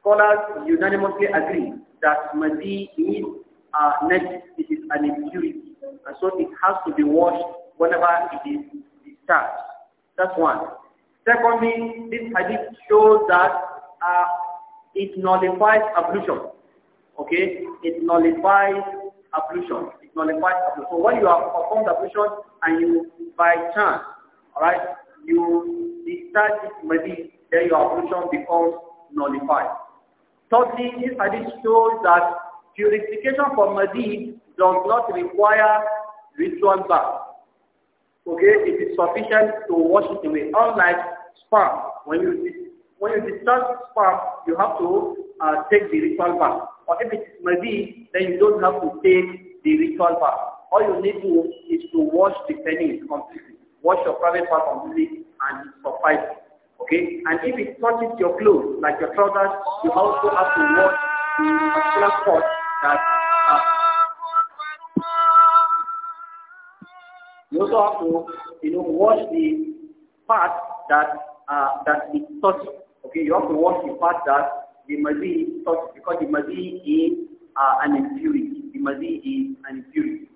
scholars unanimously agree that Mahdi is uh, next, it is an impurity. And so it has to be washed whenever it is discharged. That's one. Secondly, this hadith shows that uh, it nullifies ablution. Okay? It nullifies ablution. It nullifies ablution. So when you have performed ablution and you, by chance, alright, you discharge this medicine, then your ablution becomes nullified. Thirdly, this hadith shows that purification from Madi does not require ritual bath. Okay, it is sufficient to wash it away, unlike sperm. When you when you discharge sperm, you have to uh, take the ritual bath. Or if it is maybe, then you don't have to take the ritual bath. All you need to is to wash the penis completely. Wash your private part completely and suffice. Okay? And if it touches your clothes, like your trousers, you also have to wash the particular part that uh, you also have to, you know, wash the part that uh, that is touchy. Okay, you have to watch the fact that the mazi is because the mazi is uh, an impurity. The mazi is an impurity.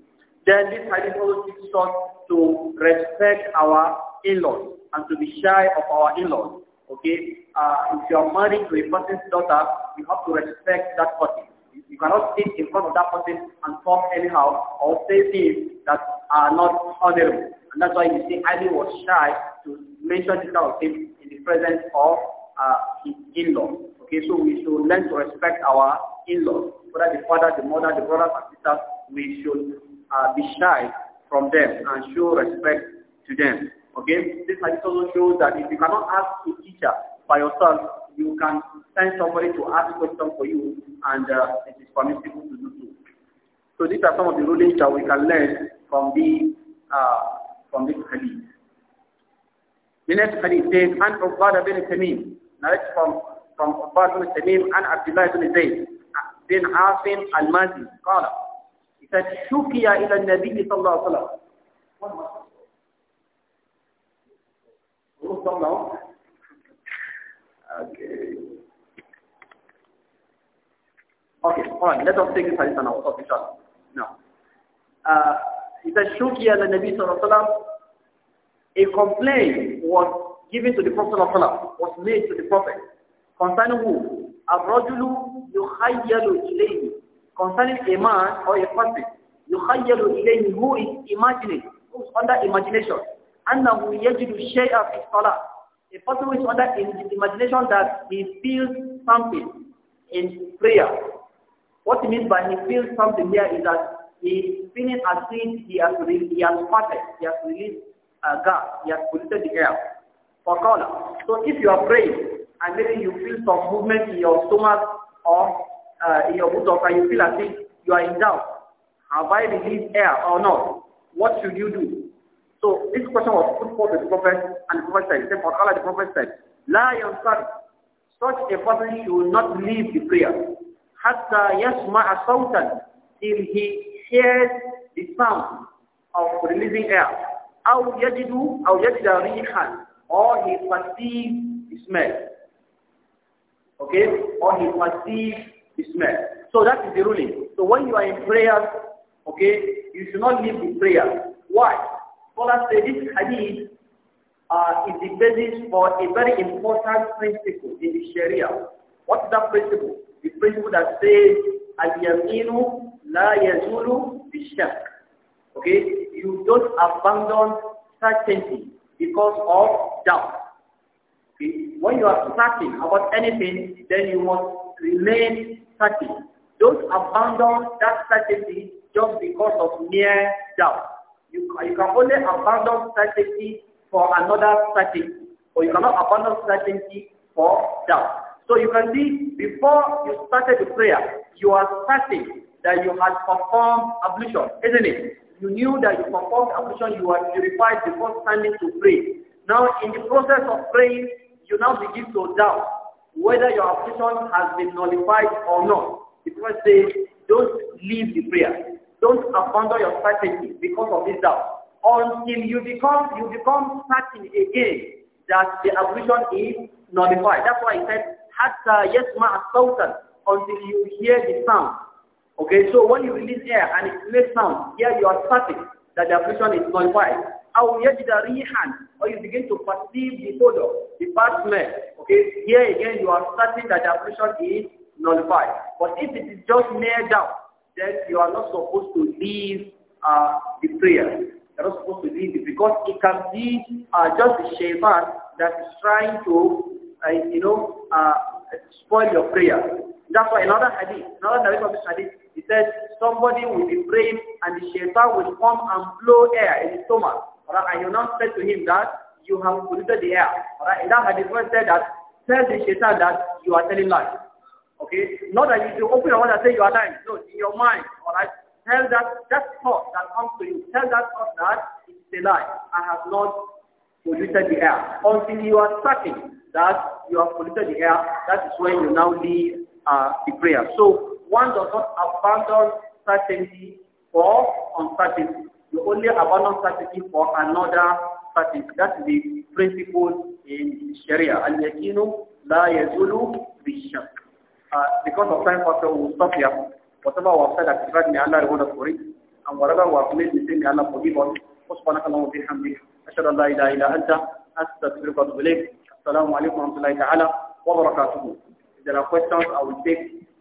Then this hadith also teaches us to respect our in-laws and to be shy of our in-laws. Okay, uh, if you are married to a person's daughter, you have to respect that person. You cannot sit in front of that person and talk anyhow or say things that are not honorable. And that's why you see Ali was shy to mention this kind of thing in the presence of uh, his in laws Okay, so we should learn to respect our in-laws, whether the father, the mother, the brothers and sisters, we should uh, be shy from them and show respect to them. Okay, this hadith also shows that if you cannot ask a teacher by yourself, you can send somebody to ask question for you and uh, it is permissible to do so. So these are some of the rulings that we can learn from the uh, from this hadith. من أسفل إثنين عن عبارة بن من نرج فم عبارة بن التميم عن عبد الله بن زيد بن عاصم المازي قال فتشكي إلى النبي صلى الله عليه وسلم Okay. Okay. Fine. Let us take this hadith now. Okay. Sure. Now, uh, it says, "Shukia the Nabi Sallallahu Alaihi Wasallam a complaint was given to the Prophet was made to the Prophet concerning who? Ar-rajulu yukhayyalu ilayhi concerning a man or a person yukhayyalu ilayhi who is imagining, who is under imagination annahu yajidu shay'a fi salah a person who is under imagination that he feels something in prayer what he means by he feels something here is that he is feeling as if he has, he has parted, he has released uh, God, He has polluted the air. For color. So if you are praying and maybe you feel some movement in your stomach or uh, in your buttock and you feel as if you are in doubt, have I released air or not? What should you do? So this question was put forth to the Prophet and the Prophet said, for Allah the Prophet said, La yansar, such a person should not leave the prayer. Hatta yasma sawtan, till he hears the sound of releasing air. أو يجد أو يجد ريحا or he perceives the smell. Okay? Or he perceives the smell. So that is the ruling. So when you are in prayer, okay, you should not leave the prayer. Why? Scholars say this hadith uh, is the basis for a very important principle in the Sharia. What is that principle? The principle that says, Al-Yaminu la yazulu bishak. Okay? you don't abandon certainty because of doubt. Okay? When you are certain about anything, then you must remain certain. Don't abandon that certainty just because of mere doubt. You, you can only abandon certainty for another certainty, or you cannot abandon certainty for doubt. So you can see, before you started the prayer, you are certain that you had performed ablution, isn't it? you knew that you performed ablution, you are purified before standing to pray. Now, in the process of praying, you now begin to doubt whether your ablution has been nullified or not. The Prophet says, don't leave the prayer. Don't abandon your certainty because of this doubt. Until you become you become certain again that the ablution is nullified. That's why he said, Hatta yasma' sultan until you hear the sound Okay, so when you release air and it makes sound, here you are starting that the affliction is nullified. Or you begin to perceive the odor, the bad smell. Okay, here again you are starting that the affliction is nullified. But if it is just mere doubt, then you are not supposed to leave uh, the prayer. You are not supposed to leave it because it can be uh, just the shaitan that is trying to, uh, you know, uh, spoil your prayer. That's why another hadith, another narration of this hadith, he said, somebody will be praying and the shaitan will come and blow air in his stomach. Right? And you now said to him that you have polluted the air. Right? And that hadith was said that, tell the shaitan that you are telling lies. Okay? Not that you open your mouth and say you are lying. No, in your mind. Alright? Tell that, that thought that comes to you. Tell that thought that it's a lie. I have not polluted the air. Until you are certain that you have polluted the air, that is when you now leave uh, the prayer. So one does not abandon certainty for uncertainty. You only abandon certainty for another certainty. That's the principle in Sharia. Al-yakinu la yazulu bishak. Uh, because of time factor, we'll stop here. Whatever was said I the me Allah reward us for it. And whatever was made mistake, may Allah forgive us. سبحانك اللهم وبحمدك أشهد أن لا إله إلا أنت أستغفرك وأتوب إليك السلام عليكم ورحمة الله تعالى وبركاته. If there are questions, I will take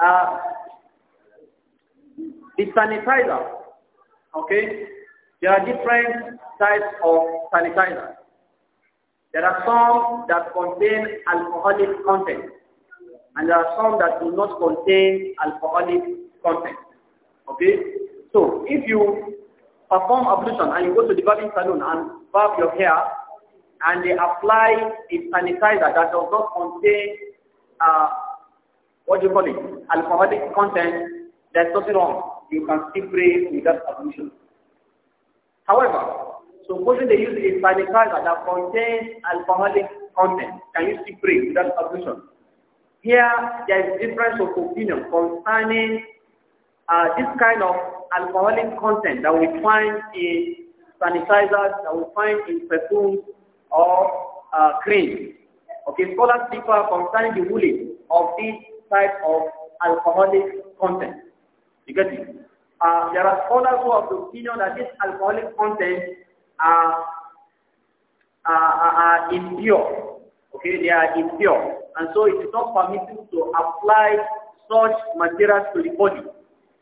uh, the sanitizer. Okay, there are different types of sanitizer. There are some that contain alcoholic content, and there are some that do not contain alcoholic content. Okay, so if you perform ablution and you go to the barbing salon and barb your hair, and they apply a sanitizer that does not contain uh, what do you call it, alcoholic content, there's nothing wrong. You can still pray without ablution. However, supposing they use a sanitizer that contains alcoholic content, can you still pray without ablution? Here, there is difference of opinion concerning uh, this kind of alcoholic content that we find in sanitizers, that we find in perfumes or uh, creams. Okay, scholars differ concerning the ruling of this type of alcoholic content. You get it? Uh, there are scholars who have the opinion that this alcoholic content are, are, are impure. Okay, they are impure. And so it is not permissible to apply such materials to the body.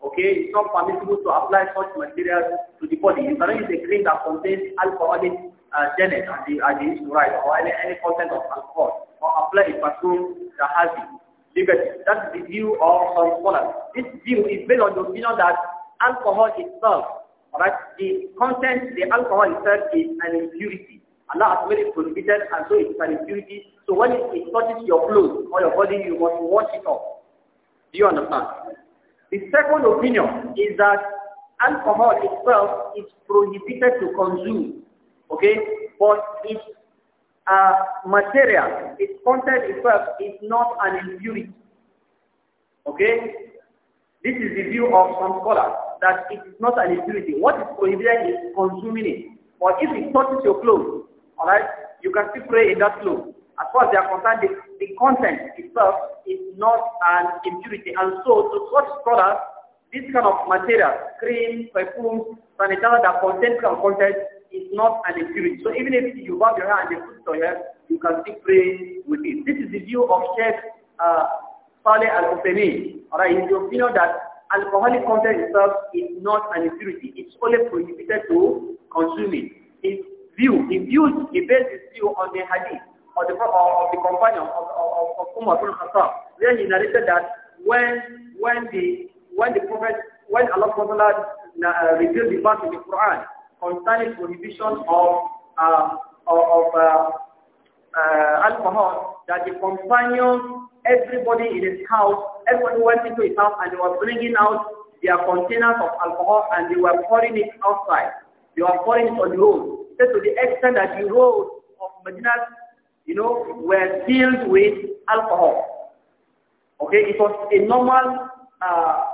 Okay, it's not permissible to apply such materials to the body. If there is a cream that contains alcoholic uh, genet and the, and the right, or any, any content of alcohol, or apply a perfume that has it liberty. That's the view of some scholars. This view is based on the opinion that alcohol itself, right, the content, the alcohol itself is an impurity. Allah has made it prohibited and so it's an impurity. So when it, it touches your clothes or your body, you must wash it off. Do you understand? The second opinion is that alcohol itself is prohibited to consume. Okay? But it uh, material, its content itself is not an impurity. Okay? This is the view of some scholars, that it is not an impurity. What is prohibited is consuming it. Or if it touches your clothes, alright, you can still pray in that clothes. As far as they are concerned, the, the content itself is not an impurity. And so, to such scholars, this kind of material, cream, perfume, sanitizer that contain content is not an impurity. So even if you bob your hair and you put your head, you can still pray with it. This is the view of Sheikh uh, Saleh Al-Husseini. Alright, his opinion that alcoholic content itself is not an impurity. It's only prohibited to consume it. His view, he views, he based his view on the hadith of the, of the companion of, of, of Umar ibn Khattab. There he narrated that when, when, the, when the Prophet, when Allah uh, revealed the verse in the Quran, concerning prohibition of uh, of uh, uh, alcohol that the companions, everybody in his house, everyone went into his house and they were bringing out their containers of alcohol and they were pouring it outside. They were pouring it on the road. So to the extent that the roads of Medina, you know, were filled with alcohol. Okay, it was a normal uh,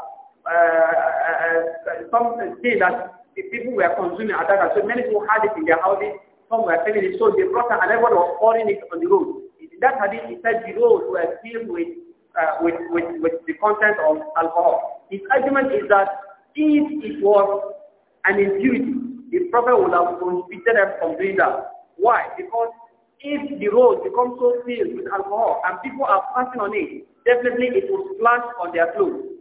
uh, uh, uh something that the people were consuming ataka. So many people had it in their houses, some were selling it. So they brought and everyone was pouring it on the road. In that hadith, it said the roads were filled with, uh, with, with, with the content of alcohol. His argument is that if it was an impurity, the Prophet would have prohibited them from doing that. Why? Because if the road becomes so filled with alcohol and people are passing on it, definitely it will splash on their clothes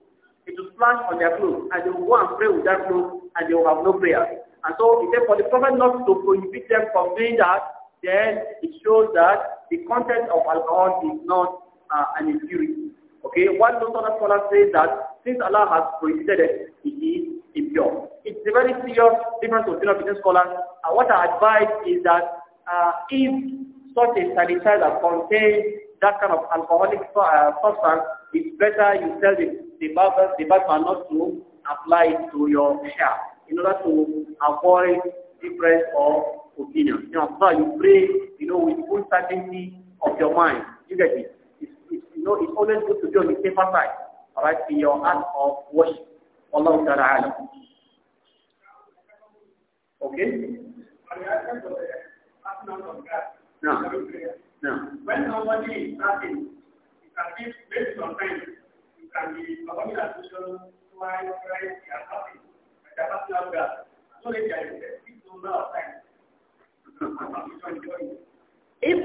it will splash on their clothes, and they will go and pray with that clothes, and they will have no prayer. And so he said for the prophet not to prohibit them from doing that, then it shows that the content of alcohol is not uh, an impurity. Okay, What those other scholars say that since Allah has prohibited it, it is impure. It's a very serious difference between between scholars. And what I advise is that uh, if such a sanitizer contains that kind of alcoholic uh, substance, it's better you sell it the barber, the barber not to apply it to your hair in order to avoid difference of opinion. You know, so you pray, you know, with full certainty of your mind. You get it? It's, it's, you know, it's always good to do on the safer side, all right, in your act of worship. Allah Ta'ala. Okay? No. No. When somebody is starting, it can be based on time. If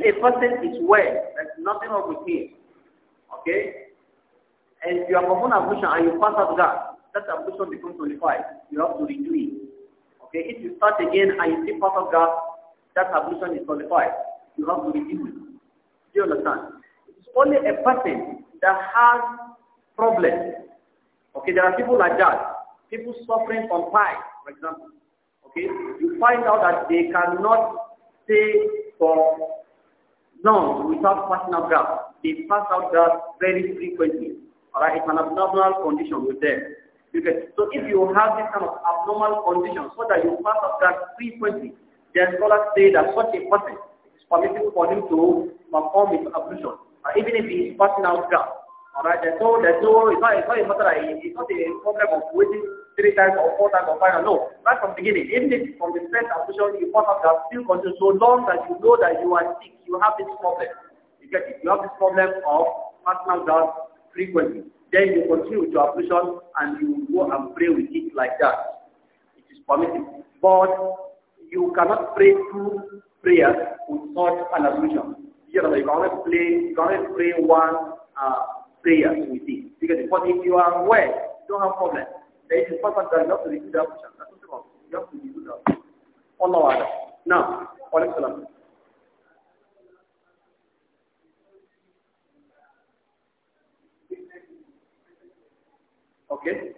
a person is well, there's nothing wrong with him. Okay? And if you are performing ablution and you pass up that, that ablution becomes nullified. You have to redo it. Okay? If you start again and you see pass up that, that ablution is nullified. You have to redo it. Do you understand? It's only a person that has problem. Okay, there are people like that. People suffering from high, for example. Okay, you find out that they cannot stay for long without passing out gas. They pass out gas very frequently. Alright, it's an abnormal condition with them. Okay, so if you have this kind of abnormal condition so that you pass out gas frequently, then scholars say that such a person is permissible for him to perform his ablution, uh, even if he is passing out gas. Alright, there's no, there's no, it's not, it's not, it's I, it's not the problem of waiting three times or four times or five times. No, right from the beginning, even if from the first assumption you first have to still continue so long that you know that you are sick, you have this problem. You get it? You have this problem of personal doubt frequently. Then you continue with your ablution and you go and pray with it like that. It is permitted. But you cannot pray two prayers without an ablution. You know, you can only pray, you can only pray one uh, prayer with it. Because but if you are aware, you don't have problem. There is it is important that you have to do that option. That's what about. You have to do that. Allah Adam. Now, Alayhi Salaam. Okay.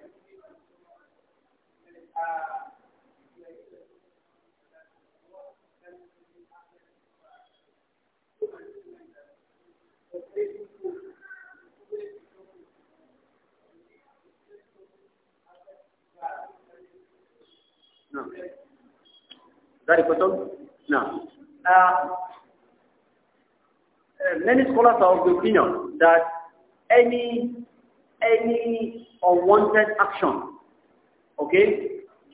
No. ذلك كتب uh, uh, many scholars are of the opinion that any any unwanted action, okay,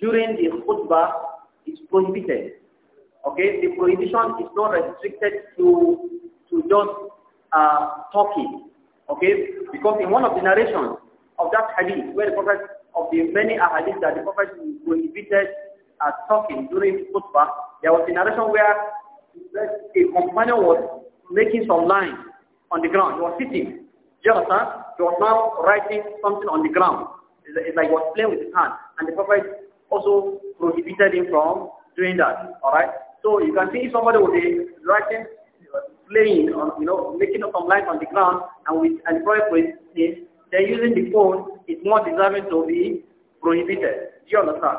during the khutbah is prohibited. Okay, the prohibition is not restricted to to just uh, talking. Okay, because in one of the narrations of that hadith, where the prophet of the many hadiths that the prophet prohibited are talking during khutbah, there was a narration where a companion was making some lines on the ground. He was sitting. Jonathan, he was now writing something on the ground. It's like he was playing with his hand. And the Prophet also prohibited him from doing that. Alright? So you can see somebody will be writing, playing, on, uh, you know, making some lines on the ground and with and Prophet with this, then using the phone is more deserving to be prohibited. Do you understand?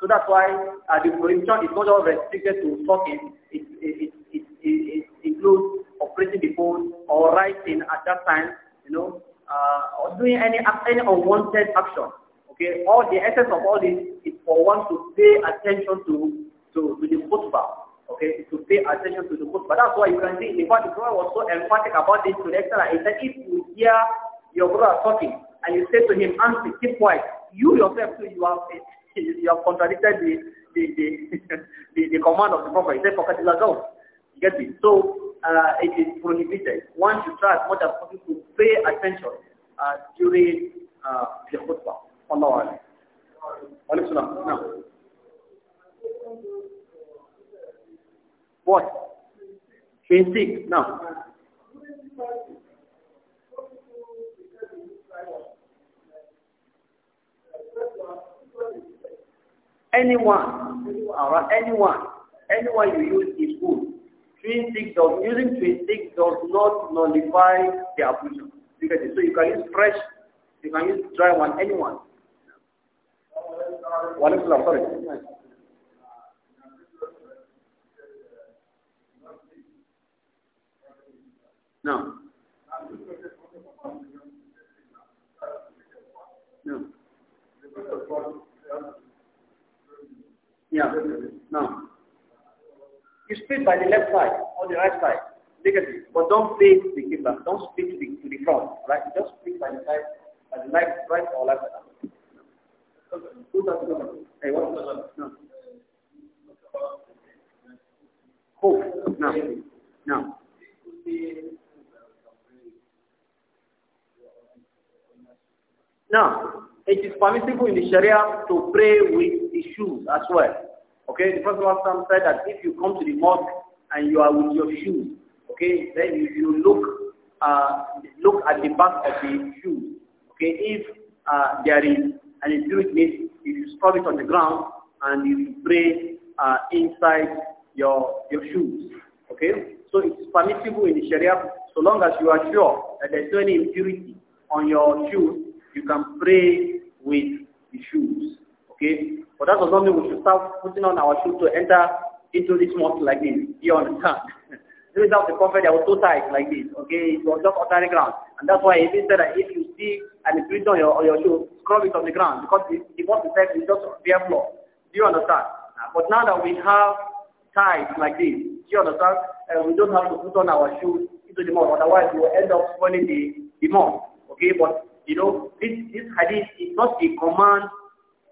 So that's why uh, the prohibition is not all restricted to talking. It, it, it, it, includes operating the phone or writing at that time, you know, uh, or doing any, any unwanted action. Okay, all the essence of all this is for one to pay attention to, to, to the khutbah okay, to pay attention to the book. But that's why you can see, in fact, the Quran was so emphatic about this to the extent that he said, if you hear your brother talking and you say to him, answer, keep quiet, you yourself too, you are you have contradicted the the the, the, the command of the prophet. He said, "Forget the Get it? So uh, it is prohibited. One should try as much as possible to pay attention uh, during uh, the khutbah. Allah Alaihi Now, what? 26. Now. Anyone, uh, anyone, anyone you use is good. Twin stick does, using twin stick does not nullify the ablution. because so you can use fresh, you can use dry one, anyone. One is sorry. No. No. Yeah. Now, you speak by the left side or the right side. Negative. But don't face the kibla. Don't speak to the, to the front. Right? Just speak by the side, by the left, right or left side. Hey, what? No. Hope. No. No. Now, it is permissible in the Sharia to pray with the shoes as well. Okay, the Prophet ﷺ said that if you come to the mosque and you are with your shoes, okay, then you, you look uh, look at the back of the shoe. Okay, if uh, there is an impurity, you scrub it on the ground and you pray uh, inside your your shoes. Okay, so it's permissible in the Sharia so long as you are sure that there's no any impurity on your shoes. You can pray with but that was only we should start putting on our shoes to enter into this mosque like this. You understand? Without the prophet, there were two tight like this, okay? It was just ordinary ground. And that's why he said that if you see an imprint on your, on your shoe, scrub it on the ground because the, the mosque itself is just bare floor. Do you understand? But now that we have ties like this, do you understand? Uh, we don't have to put on our shoes into the mosque, otherwise we will end up spoiling the, the mosque, okay? But, you know, this, this hadith is not a command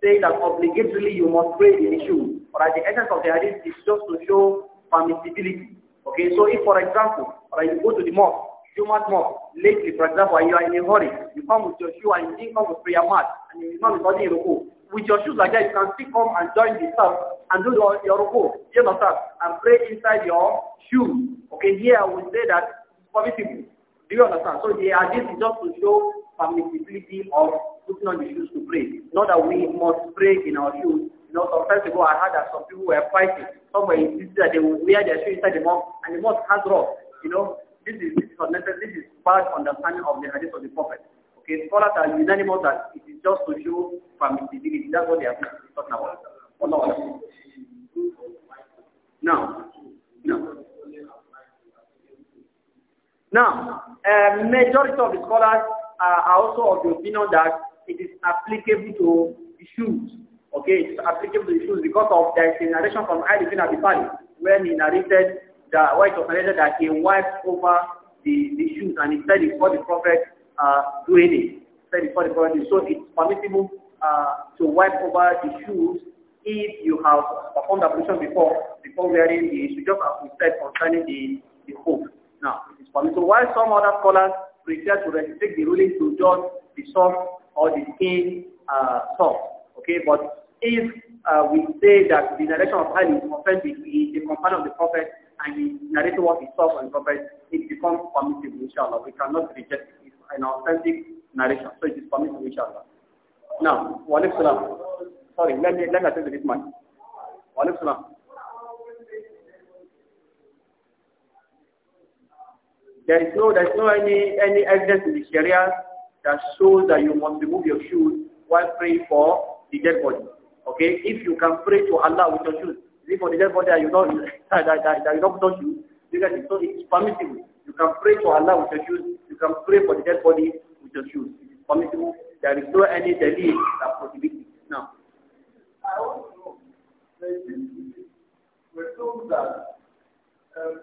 Say that obligatorily you must pray in the shoe. But the essence of the hadith is just to show permissibility. Okay, so if for example, right, you go to the mosque, Jumat mosque, lately for example, you are in a hurry, you come with your shoe and you didn't come with prayer mat, and you imam is not in ruku. With your shoes like that, you can still come and join the staff and do your, your ruku, you understand, and pray inside your shoe. Okay, here I will say that permissible. Do you understand? So the hadith is just to show permissibility of putting on the shoes to pray. Not that we must pray in our shoes. You know, some times ago I heard that some people were fighting. Somewhere insisted that they would wear their shoes inside the mosque and the mosque has rocks. You know, this is this is unnecessary. This is bad understanding of the hadith of the Prophet. Okay, scholars are unanimous that it is just to show familiarity. That's what they are talking about. Allah. Now, now, now, uh, majority of the scholars are also of the opinion that it is applicable to issues. Okay, it's applicable to issues because of the narration from Ali bin Abi Talib when he narrated that why it was narrated that he wiped over the, the shoes and he said it's for the prophet uh, doing it. said before the prophet. So it's permissible uh, to wipe over the shoes if you have performed ablution before before wearing the shoes, just as we said concerning the the hope. Now, it is permissible. While some other scholars prefer to restrict the ruling to just the soft or the same uh, soft. Okay, but if uh, we say that the narration of Ali is authentic, he is the companion of the Prophet, and he narrated what he saw from the Prophet, it becomes permissible, inshallah. We cannot reject it. It's an authentic narration, so it is permissible, inshallah. Now, wa salam. Sorry, let me, let me attend to this man. Wa salam. There is no, there is no any, any evidence in the Sharia that shows that you must remove your shoes while praying for the dead body. Okay? If you can pray to Allah with your shoes, if for the dead body that you not that, that, that, you do not touch you, because it's, so it's permissible. You can pray to Allah with your shoes, you can pray for the dead body with your shoes. It's permissible. There is no any delay that prohibits it. Now. I also told that um,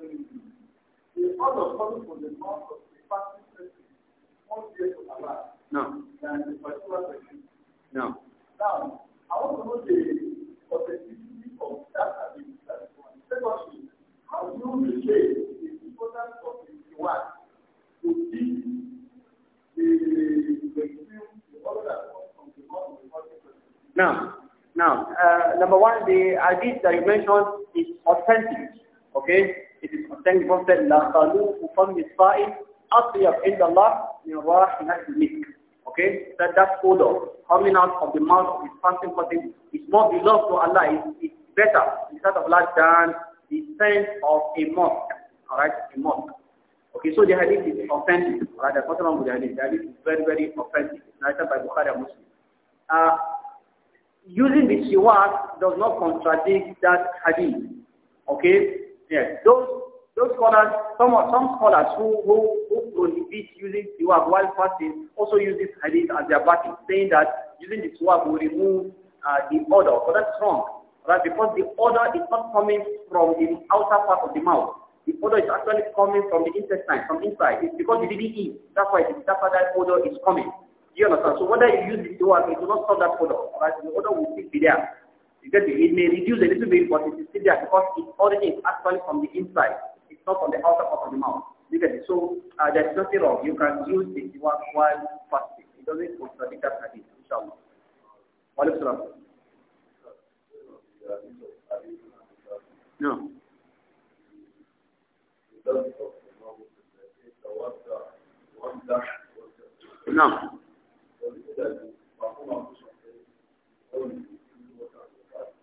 the order of the of the no. No. Now, I want to know the authenticity of that habit. Secondly, how do you relate the importance of the one to be the the the order from the Now, now, uh, number one, the idea that you mentioned is authentic. Okay, it is authentic. Prophet said, "La kalu ufam misfa'in after عند الله من رائحة المسك. Okay, that that odor coming out of the mouth of the fasting person is more beloved to Allah. It's, it's better instead of Allah than the scent of a mosque. All right, a mosque. Okay, so the hadith is offensive. All right, there's wrong with the hadith. The hadith is very, very offensive. It's narrated by Bukhari and Muslim. Uh, using the shiwak does not contradict that hadith. Okay? Yes. Those those scholars, some some scholars who who, who prohibit using siwak while fasting also use this hadith as their backing, saying that using the siwak will remove uh, the odor. But that's wrong, right? Because the odor is not coming from the outer part of the mouth. The odor is actually coming from the intestine, from inside. It's because you didn't eat. That's why the, that's why that odor is coming. Do you understand? So whether you use the siwak, it will not stop that odor. Right? The odor will still be there. You get it? It may reduce a little bit, but it is still there because it already is actually from the inside not from the outer part of the mouth. You get it? So uh, there's nothing wrong. You can use this one while fasting. It doesn't contradict that hadith, inshallah. Walaikum salam. No. No.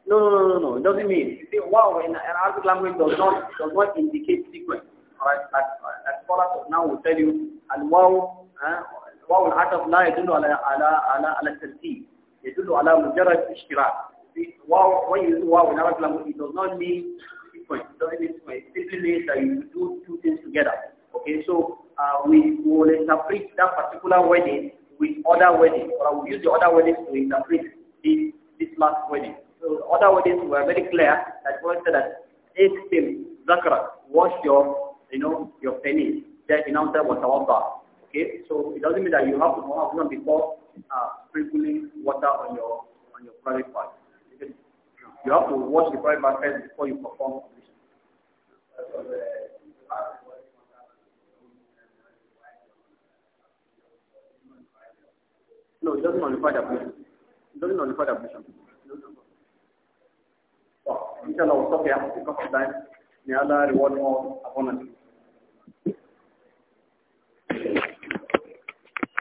No, no, no, no, no. It doesn't mean. You see, wow in Arabic language does not does not indicate sequence. Alright, as far as now we tell you, and wow, uh, wow العطف لا يدل على على على على الترتيب. يدل على مجرد اشتراك. Wow, when you do wow in Arabic language, it does not mean sequence. It doesn't mean sequence. It simply means that you do two things together. Okay, so uh, we will interpret that particular wedding with other weddings, or we use the other weddings to interpret this this last wedding. So other audience were very clear that God said that take him, zakra, wash your, you know, your pennies. That in answer was tawabba. Okay, so it doesn't mean that you have to know them before uh, sprinkling water on your on your private part. You have to wash the private part first before you perform ablution. No, it doesn't nullify the ablution. It doesn't nullify the ablution. Inshallah, we'll stop here because of time. May Allah reward more abundantly.